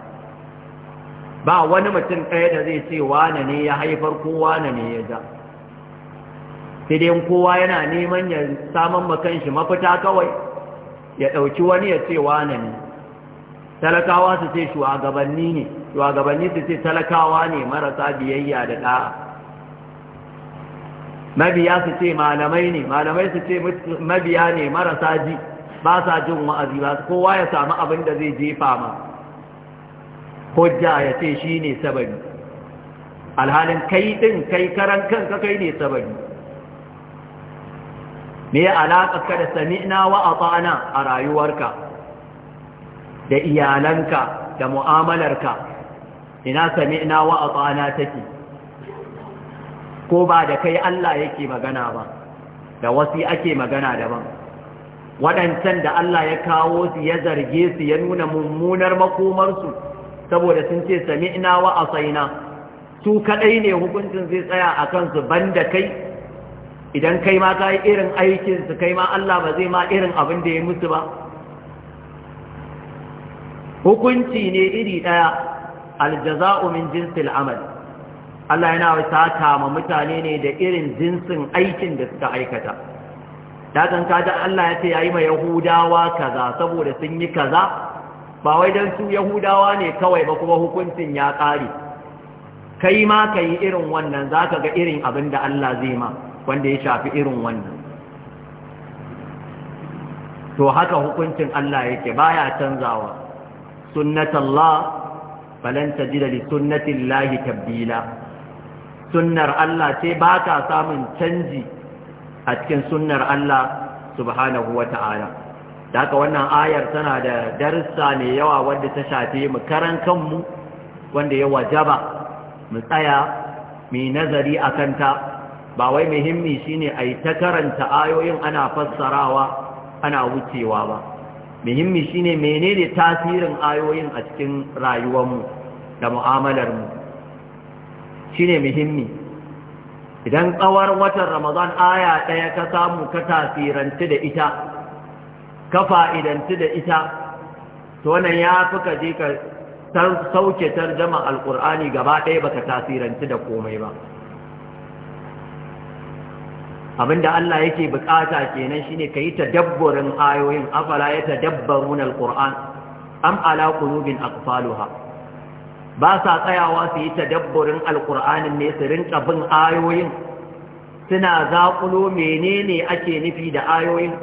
ba wani mutum ɗaya da zai ce wane ne ya haifar ko wane ne ya ja sai dai kowa yana neman ya saman makan shi mafita kawai ya ɗauki wani ya ce wane ne talakawa su ce shugabanni ne shugabanni su ce talakawa ne marasa biyayya da ɗa'a mabiya su ce malamai ne malamai su ce mabiya ne marasa ji ba sa jin wa'azi ba kowa ya samu abin da zai jefa ma hujja ya ce shi ne sabari alhalin kai ɗin kai karan kanka kai ne sabari me alaƙarka da sami'na wa ata'na a rayuwarka da iyalanka da mu'amalarka ina sami'na wa ata'na take ko ba da kai Allah yake magana ba da wasi ake magana daban waɗancan da Allah ya kawo su ya zarge su ya nuna mummunar makomarsu saboda sun ce sami'na wa asaina su kadai ne hukuncin zai tsaya a kansu banda kai idan kai ma ka yi irin aikinsu kai ma Allah ba zai ma irin abin da ya musu ba hukunci ne iri ɗaya aljaza'u min jinsil amal Allah yana wata ma mutane ne da irin jinsin aikin da suka aikata dakan kada Allah ya ce yayi ma yahudawa kaza saboda sun yi kaza ba wai dan su yahudawa ne kawai ba kuma hukuncin ya ƙare kai ma ka irin wannan za ka ga irin abin da Allah zai ma wanda ya shafi irin wannan to haka hukuncin Allah yake baya canzawa sunnatallah falan tajida li sunnatillahi tabdila sunnar Allah ce ba ka samun canji a cikin sunnar Allah subhanahu wata'ala da haka wannan ayar tana da darussa ne yawa wanda ta shafe mu karan kanmu wanda ya wajaba mu tsaya mai nazari a kanta ba wai muhimmi shine ai ta karanta ayoyin ana fassarawa ana wucewa ba muhimmi shine menene tasirin ayoyin a cikin rayuwarmu da mu'amalar mu'amalarmu shine muhimmi idan tsawar watan ramadan aya ɗaya ka samu ka tasirantu da ita ka fa'idantu da ita to wannan ya fi ka je ka sauke tarjama alƙur'ani gaba ɗaya baka tasirantu da komai ba Abin da Allah yake bukata kenan shine kai tadabburin ayoyin afala yatadabbarun alquran am ala qulubin aqfaluha ba sa tsayawa su yi tadabburin alqur'anin ne su rinka bin ayoyin suna zaƙulo menene ake nufi da ayoyin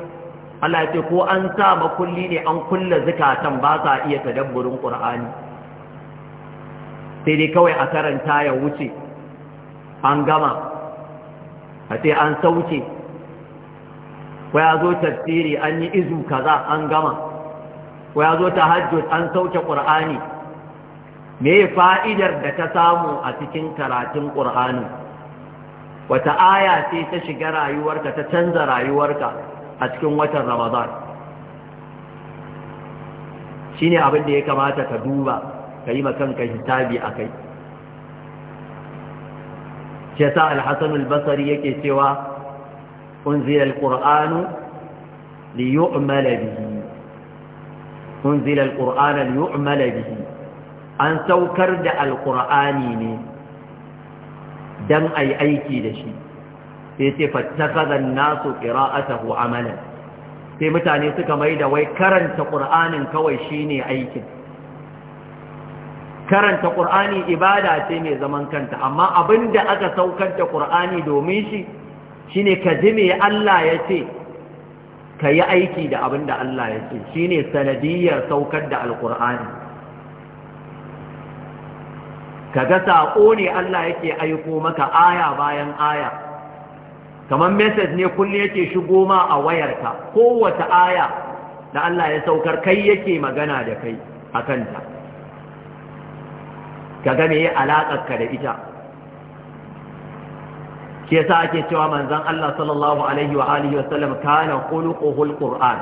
Allah ce ko an sa makulli ne an kulla zukatan ba sa iya tadabburin qur'ani sai dai kawai a karanta ya wuce an gama a sai an sauke wai ya zo tafsiri an yi izu kaza an gama wai ya zo tahajjud an sauke ƙur'ani me fa'idar da ta samu a cikin karatun ƙur'anin wata aya ce ta shiga rayuwarka ta canza rayuwarka a cikin watan ramadan shine abin da ya kamata ka duba ka yi kanka hisabi a kai shi yasa al-hasan al yake cewa unzila al-qur'anu li unzila al an saukar da al-qur'ani ne dan yi aiki da shi sai ce fattakaza nasu qira'atahu amalan sai mutane suka maida wai karanta ƙur'anin kawai shine aikin karanta ƙur'ani ibada ce mai zaman kanta amma abin da aka saukar da ƙur'ani domin shi shine ka ji me Allah ya ce ka yi aiki da abin da Allah ya ce shine sanadiyyar saukar da alƙur'ani ka ga saƙo ne Allah yake aiko maka aya bayan aya kamar message ne kulle yake shigo ma a wayarka kowace aya da Allah ya saukar kai yake magana da kai a kanta ka ga meye alakar ka da ita shi yasa ake cewa manzon Allah sallallahu alaihi wa alihi wa sallam kana khuluquhul qur'an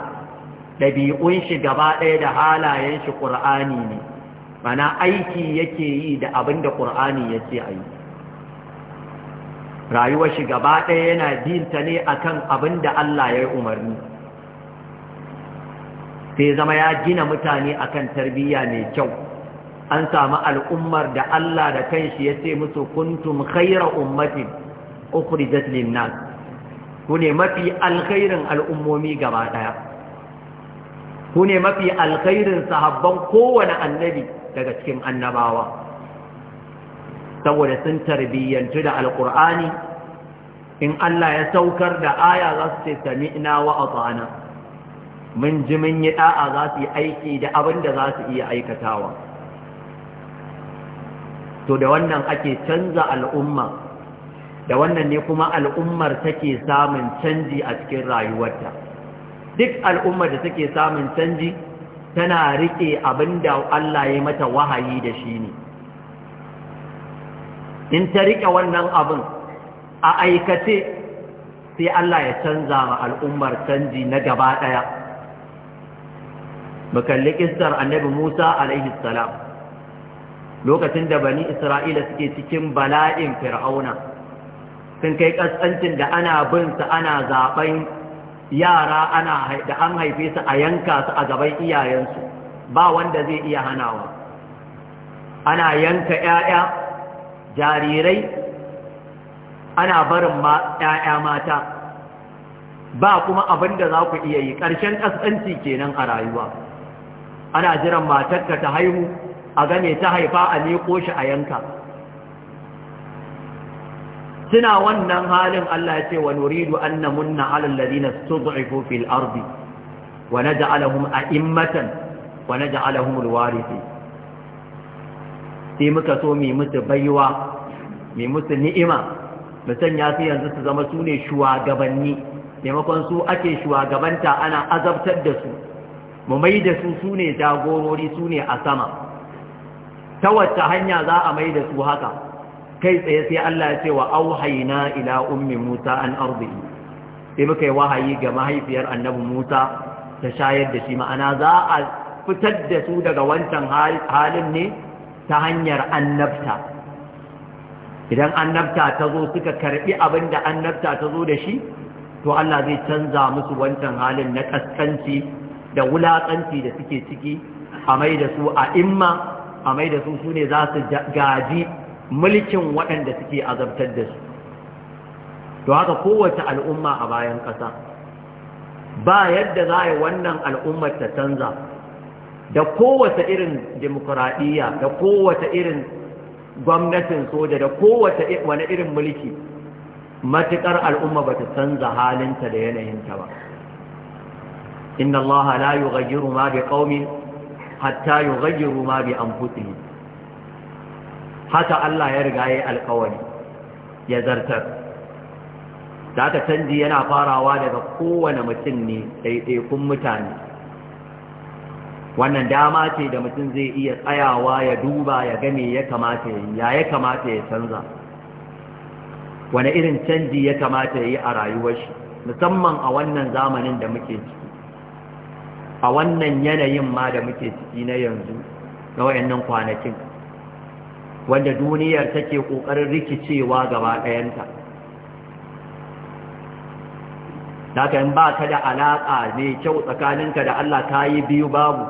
dabi'un shi gaba ɗaya da halayen shi qur'ani ne mana aiki yake yi da abin da qur'ani yace ayi rayuwar shi gaba ɗaya yana dinta ne akan abin da Allah ya yi umarni sai zama ya gina mutane akan tarbiyya mai kyau an samu al'ummar da Allah da kanshi ya ce musu kuntum khaira ummatin ukhrijat lin-nas ku ne mafi alkhairin al'ummomi gaba ɗaya? ku ne mafi alkhairin sahabban kowane annabi daga cikin annabawa saboda sun tarbiyyantu da Alƙur'ani, in Allah ya saukar da aya za su ce sami'na wa ata'na mun ji mun yi ɗa'a za su yi aiki da abin da za su iya aikatawa to da wannan ake canza al'umma da wannan ne kuma al'ummar take samun canji a cikin rayuwarta duk al'ummar da take samun canji tana rike abinda Allah ya mata wahayi da shi ne in ta rike wannan abin a aikace sai Allah ya canza ma al'ummar canji na gaba ɗaya. Mu kalli ƙistar annabi Musa alaihi salam lokacin da bani isra'ila suke cikin bala'in fir'auna sun kai kaskancin da ana bin ana zaben yara ana da an haife su a yanka su a gaban iyayensu ba wanda zai iya hanawa ana yanka 'ya'ya jarirai ana barin ma 'ya'ya mata ba kuma abin da za ku iya yi ƙarshen kaskanci kenan a rayuwa ana jiran matarka ta haihu a game ta haifa a miƙo shi a yanka suna wannan halin Allah ya ce wa nuridu an namunna alal ladina stud'ifu fil ardi wa naj'alahum a'immatan wa naj'alahum alwarithi sai muka so mu musu baiwa mu musu ni'ima mu sanya su yanzu su zama su ne shugabanni maimakon su ake shugabanta ana azabtar da su mu mai da su su ne jagorori su ne a sama ta wacce hanya za a mai da su haka kai tsaye sai Allah ya ce wa auhayna ila ummi Musa an ardi sai muka yi wahayi ga mahaifiyar annabi Musa ta shayar da shi ma'ana za a fitar da su daga wancan halin ne ta hanyar annabta idan annabta ta zo suka karbi abin da annabta ta zo da shi to Allah zai canza musu wancan halin na kaskanci da wulakanci da suke ciki a mai da su a imma a mai da su su ne za su gaji mulkin waɗanda suke azabtar da su to haka kowace al'umma a bayan ƙasa ba yadda za a yi wannan al'ummar ta canza da kowace irin demokuraɗiyya da kowace irin gwamnatin soja da kowace wani irin mulki matuƙar al'umma ba ta canza halinta da yanayinta ba inna allaha la yughayyiru ma biqaumin hatta yughayyiru ma bi anfusihim haka Allah ya riga yayi alƙawari ya zartar da ka canji yana farawa daga kowane mutum ne ɗaiɗaikun mutane wannan dama ce da mutum zai iya tsayawa ya duba ya game ya kamata ya ya kamata ya canza wani irin canji ya kamata ya yi a rayuwar shi musamman a wannan zamanin da muke ci a wannan yanayin ma da muke ciki na yanzu na wayannan kwanakin wanda duniyar take ƙoƙarin rikicewa gaba ɗayanta daga in ba ka da alaƙa ne kyau tsakaninka da Allah ka yi biyu babu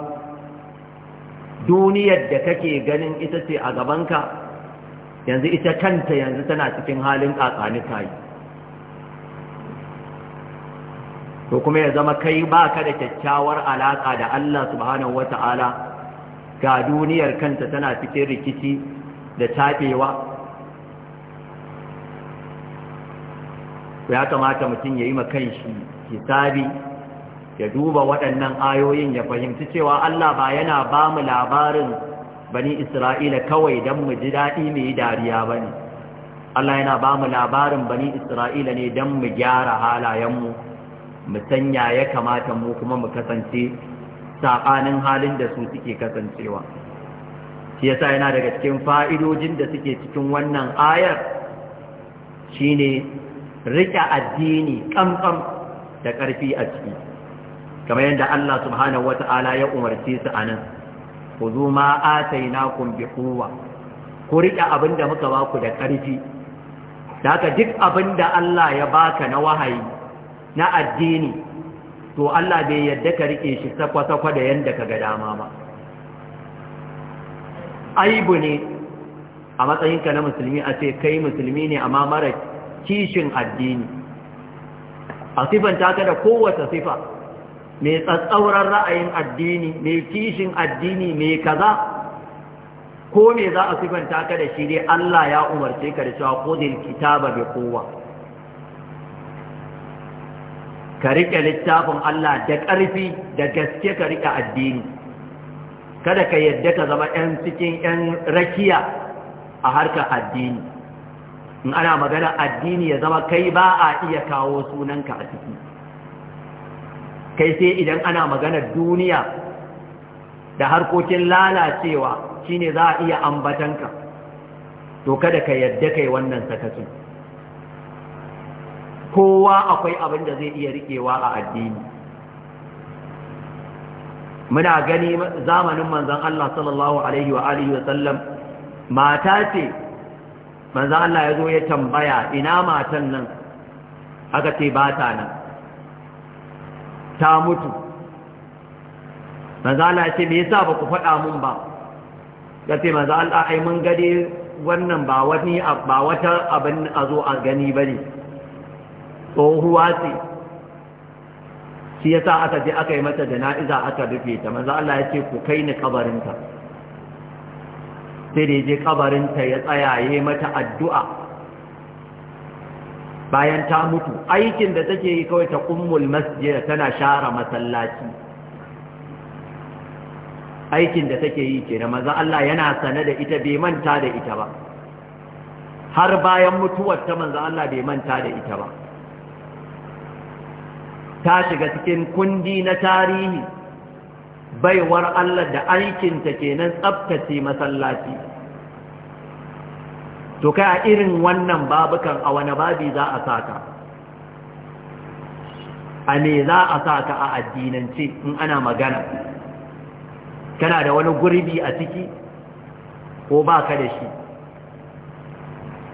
duniyar da kake ganin ita ce a gabanka yanzu ita kanta yanzu tana cikin halin ƙaƙanika yi to kuma ya zama kai baka da kyakkyawar alaka da Allah subhanahu wata'ala ga duniyar kanta tana cikin rikici da tafewa ya kamata mutum ya yi makanshi hisabi ya duba waɗannan ayoyin ya fahimci cewa Allah ba yana ba mu labarin bani Isra'ila kawai don mu ji daɗi mai dariya ba ne Allah yana ba mu labarin bani Isra'ila ne don mu gyara halayenmu mu sanya ya kamata mu kuma mu kasance saɓanin halin da su suke kasancewa shi yasa yana daga cikin fa'idojin da suke cikin wannan ayar shine riƙe addini ƙamƙam da ƙarfi a ciki kamar yadda Allah subhanahu wata'ala ya umarce su a nan ku zo ma atainakum bi quwwa ku riƙe abin da muka ku da ƙarfi da duk abin da Allah ya baka na wahayi na addini to Allah bai yadda ka rike shi sakwa-sakwa da yadda ka ga dama ba aibu ne a matsayinka na musulmi a ce kai musulmi ne amma mara kishin addini a ta ka da kowace sifa mai tsatsauran ra'ayin addini mai kishin addini mai kaza ko me za a ta ka da shi dai Allah ya umarce ka da cewa qudil kitaba bi kowa ka riƙe littafin Allah da ƙarfi da gaske ka riƙe addini kada ka yadda ka zama 'yan cikin 'yan rakiya a harkar addini in ana magana addini ya zama kai ba a iya kawo sunanka a ciki kai sai idan ana magana duniya da harkokin lalacewa shine za a iya ambatanka to kada ka yadda kai wannan sakacin kowa akwai abin da zai iya riƙewa a addini muna gani zamanin manzan Allah sallallahu alaihi wa alihi wa sallam mata ce manzan Allah ya zo ya tambaya ina matan nan aka ce ba ta nan ta mutu manzan Allah ya ce me yasa ba ku faɗa mun ba ya ce manzan Allah ai mun gade wannan ba wani ba wata abin a zo a gani bane tsohuwa ce shi yasa aka je aka yi mata jana'iza aka rufe ta maza Allah ya ce ku kai ni kabarinta sai da je kabarinta ya tsayaye mata addu'a bayan ta mutu aikin da take yi kawai ta ummul masjid tana share masallaci aikin da take yi da maza Allah yana sane da ita bai manta da ita ba har bayan mutuwar ta manzo Allah bai manta da ita ba ta shiga cikin kundi na tarihi baiwar Allah da aikinta kenan tsabtace masallaci to kai a irin wannan babukan a wani babi za a saka a me za a saka a addinance in ana magana kana da wani gurbi a ciki ko baka da shi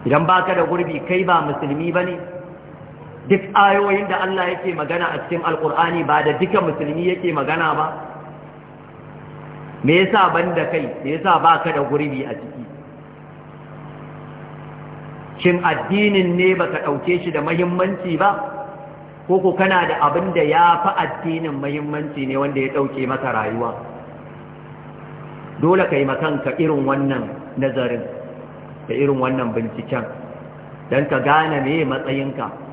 idan baka da gurbi kai ba musulmi bane duk ayoyin da Allah yake magana a cikin alkur'ani ba da duka musulmi yake magana ba me yasa da kai me yasa ka da gurbi a ciki shin addinin ne ba ka ɗauke shi da muhimmanci ba ko ko kana da abin da ya fi addinin muhimmanci ne wanda ya ɗauke maka rayuwa dole kai makanka irin wannan nazarin da irin wannan binciken don ka gane me matsayinka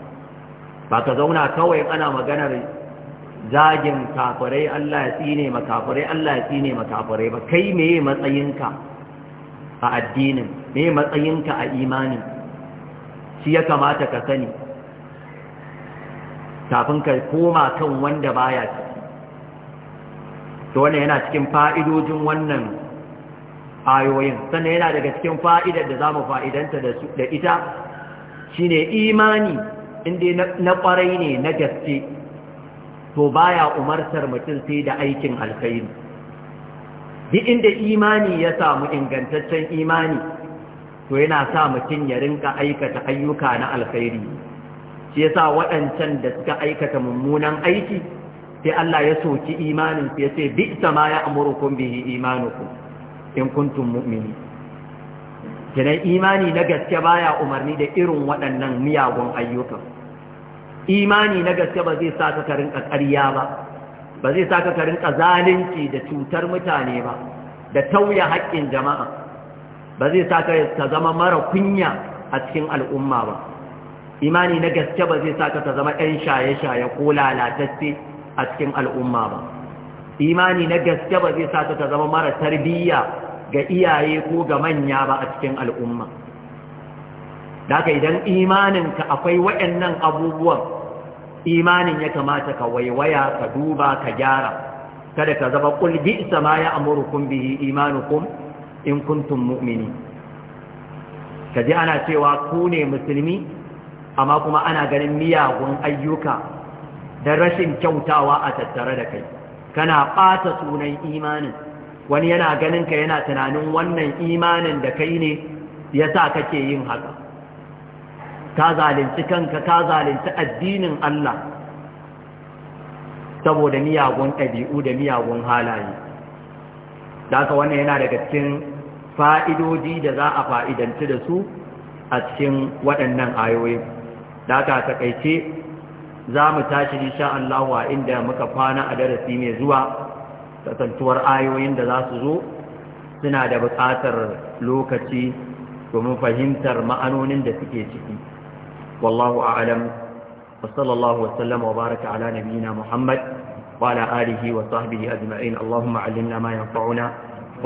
ba ka zauna kawai ana maganar zagin kafirai Allah ya tsine makafirai Allah ya tsine makafirai ba kai meye matsayinka a addinin meye matsayinka a imanin shi ya kamata ka sani kafin ka koma kan wanda baya ciki to wannan yana cikin fa'idojin wannan ayoyin sannan yana daga cikin fa'idar da zamu fa'idanta da ita shine imani inda na kwarai ne na gaske to baya umartar mutum sai da aikin alkhairi duk inda imani ya samu ingantaccen imani to yana sa mutum ya rinka aikata ayyuka na alkhairi shi yasa waɗancan da suka aikata mummunan aiki sai Allah ya soki imanin sai ya ce bi ma ya amurukum bihi imanukum in kuntum mu'minin kenan imani na gaske baya umarni da irin waɗannan miyagun ayyukan imani na gaske ba zai sa ka karin ƙarya ba ba zai sa ka karin zalunci da cutar mutane ba da tauya haƙƙin jama'a ba zai sa ka zama mara kunya a cikin al'umma ba imani na gaske ba zai sa ka ta zama ɗan shaye-shaye ko lalatacce a cikin al'umma ba imani na gaske ba zai sa ka ta zama mara tarbiyya ga iyaye ko ga manya ba a cikin al'umma daga idan imaninka akwai wayannan abubuwan imanin ya kamata ka waiwaya ka duba ka gyara kada ka zaba ƙulbi isa ma ya amurkun bihi imanukum in kuntum mu'mini ka ji ana cewa ku ne musulmi amma kuma ana ganin miyagun ayyuka da rashin kyautawa a tattare da kai kana ɓata sunan imanin wani yana ganin ka yana tunanin wannan imanin da kai ne ya sa kake yin haka ka zalunci kanka ka zalunci addinin Allah saboda miyagun ɗabi'u da miyagun halaye daga wannan yana daga cikin fa'idodi da za a fa'idanci da su a cikin waɗannan ayoyi daga takaice za mu tashi insha Allah wa inda muka kwana a darasi mai zuwa kasantuwar ayoyin da za su zo suna da bukatar lokaci domin fahimtar ma'anonin da suke ciki wallahu a'lam wa sallallahu wasallam wa baraka ala nabiyyina muhammad wa ala alihi wa sahbihi ajma'in allahumma allimna ma yanfa'una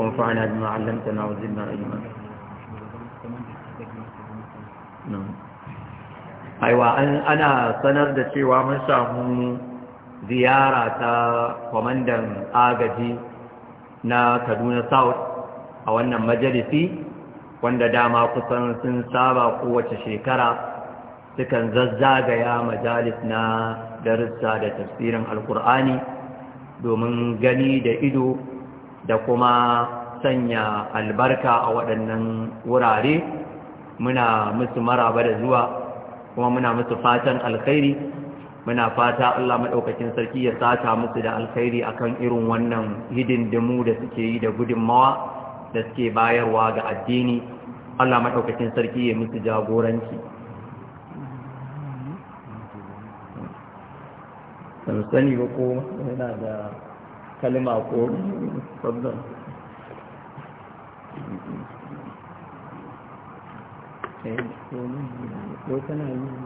wa anfa'na bima 'allamtana wa zidna ilma aiwa ana sanar da cewa mun samu ziyara ta kwamandan agaji na kaduna south a wannan majalisi wanda dama kusan sun saba kowace shekara sukan zazzagaya majalis na darussa da tafsirin alkur'ani domin gani da ido da kuma sanya albarka a waɗannan wurare muna musu maraba da zuwa kuma muna musu fatan alkhairi muna fata Allah maɗaukacin sarki ya sata musu da alkhairi akan irin wannan hidindimu da suke yi da gudunmawa da suke bayarwa ga addini Allah madaukakin sarki ya musu jagoranci sani ko yana da kalma ko eh, ko tana yi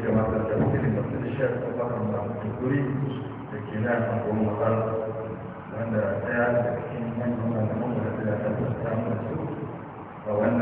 ke a da tafsirin tafsirin shek abubakar mahamudu guri da ke na abubuwan matsar wanda daya da cikin manyan malaman da ta tabbata musu a wannan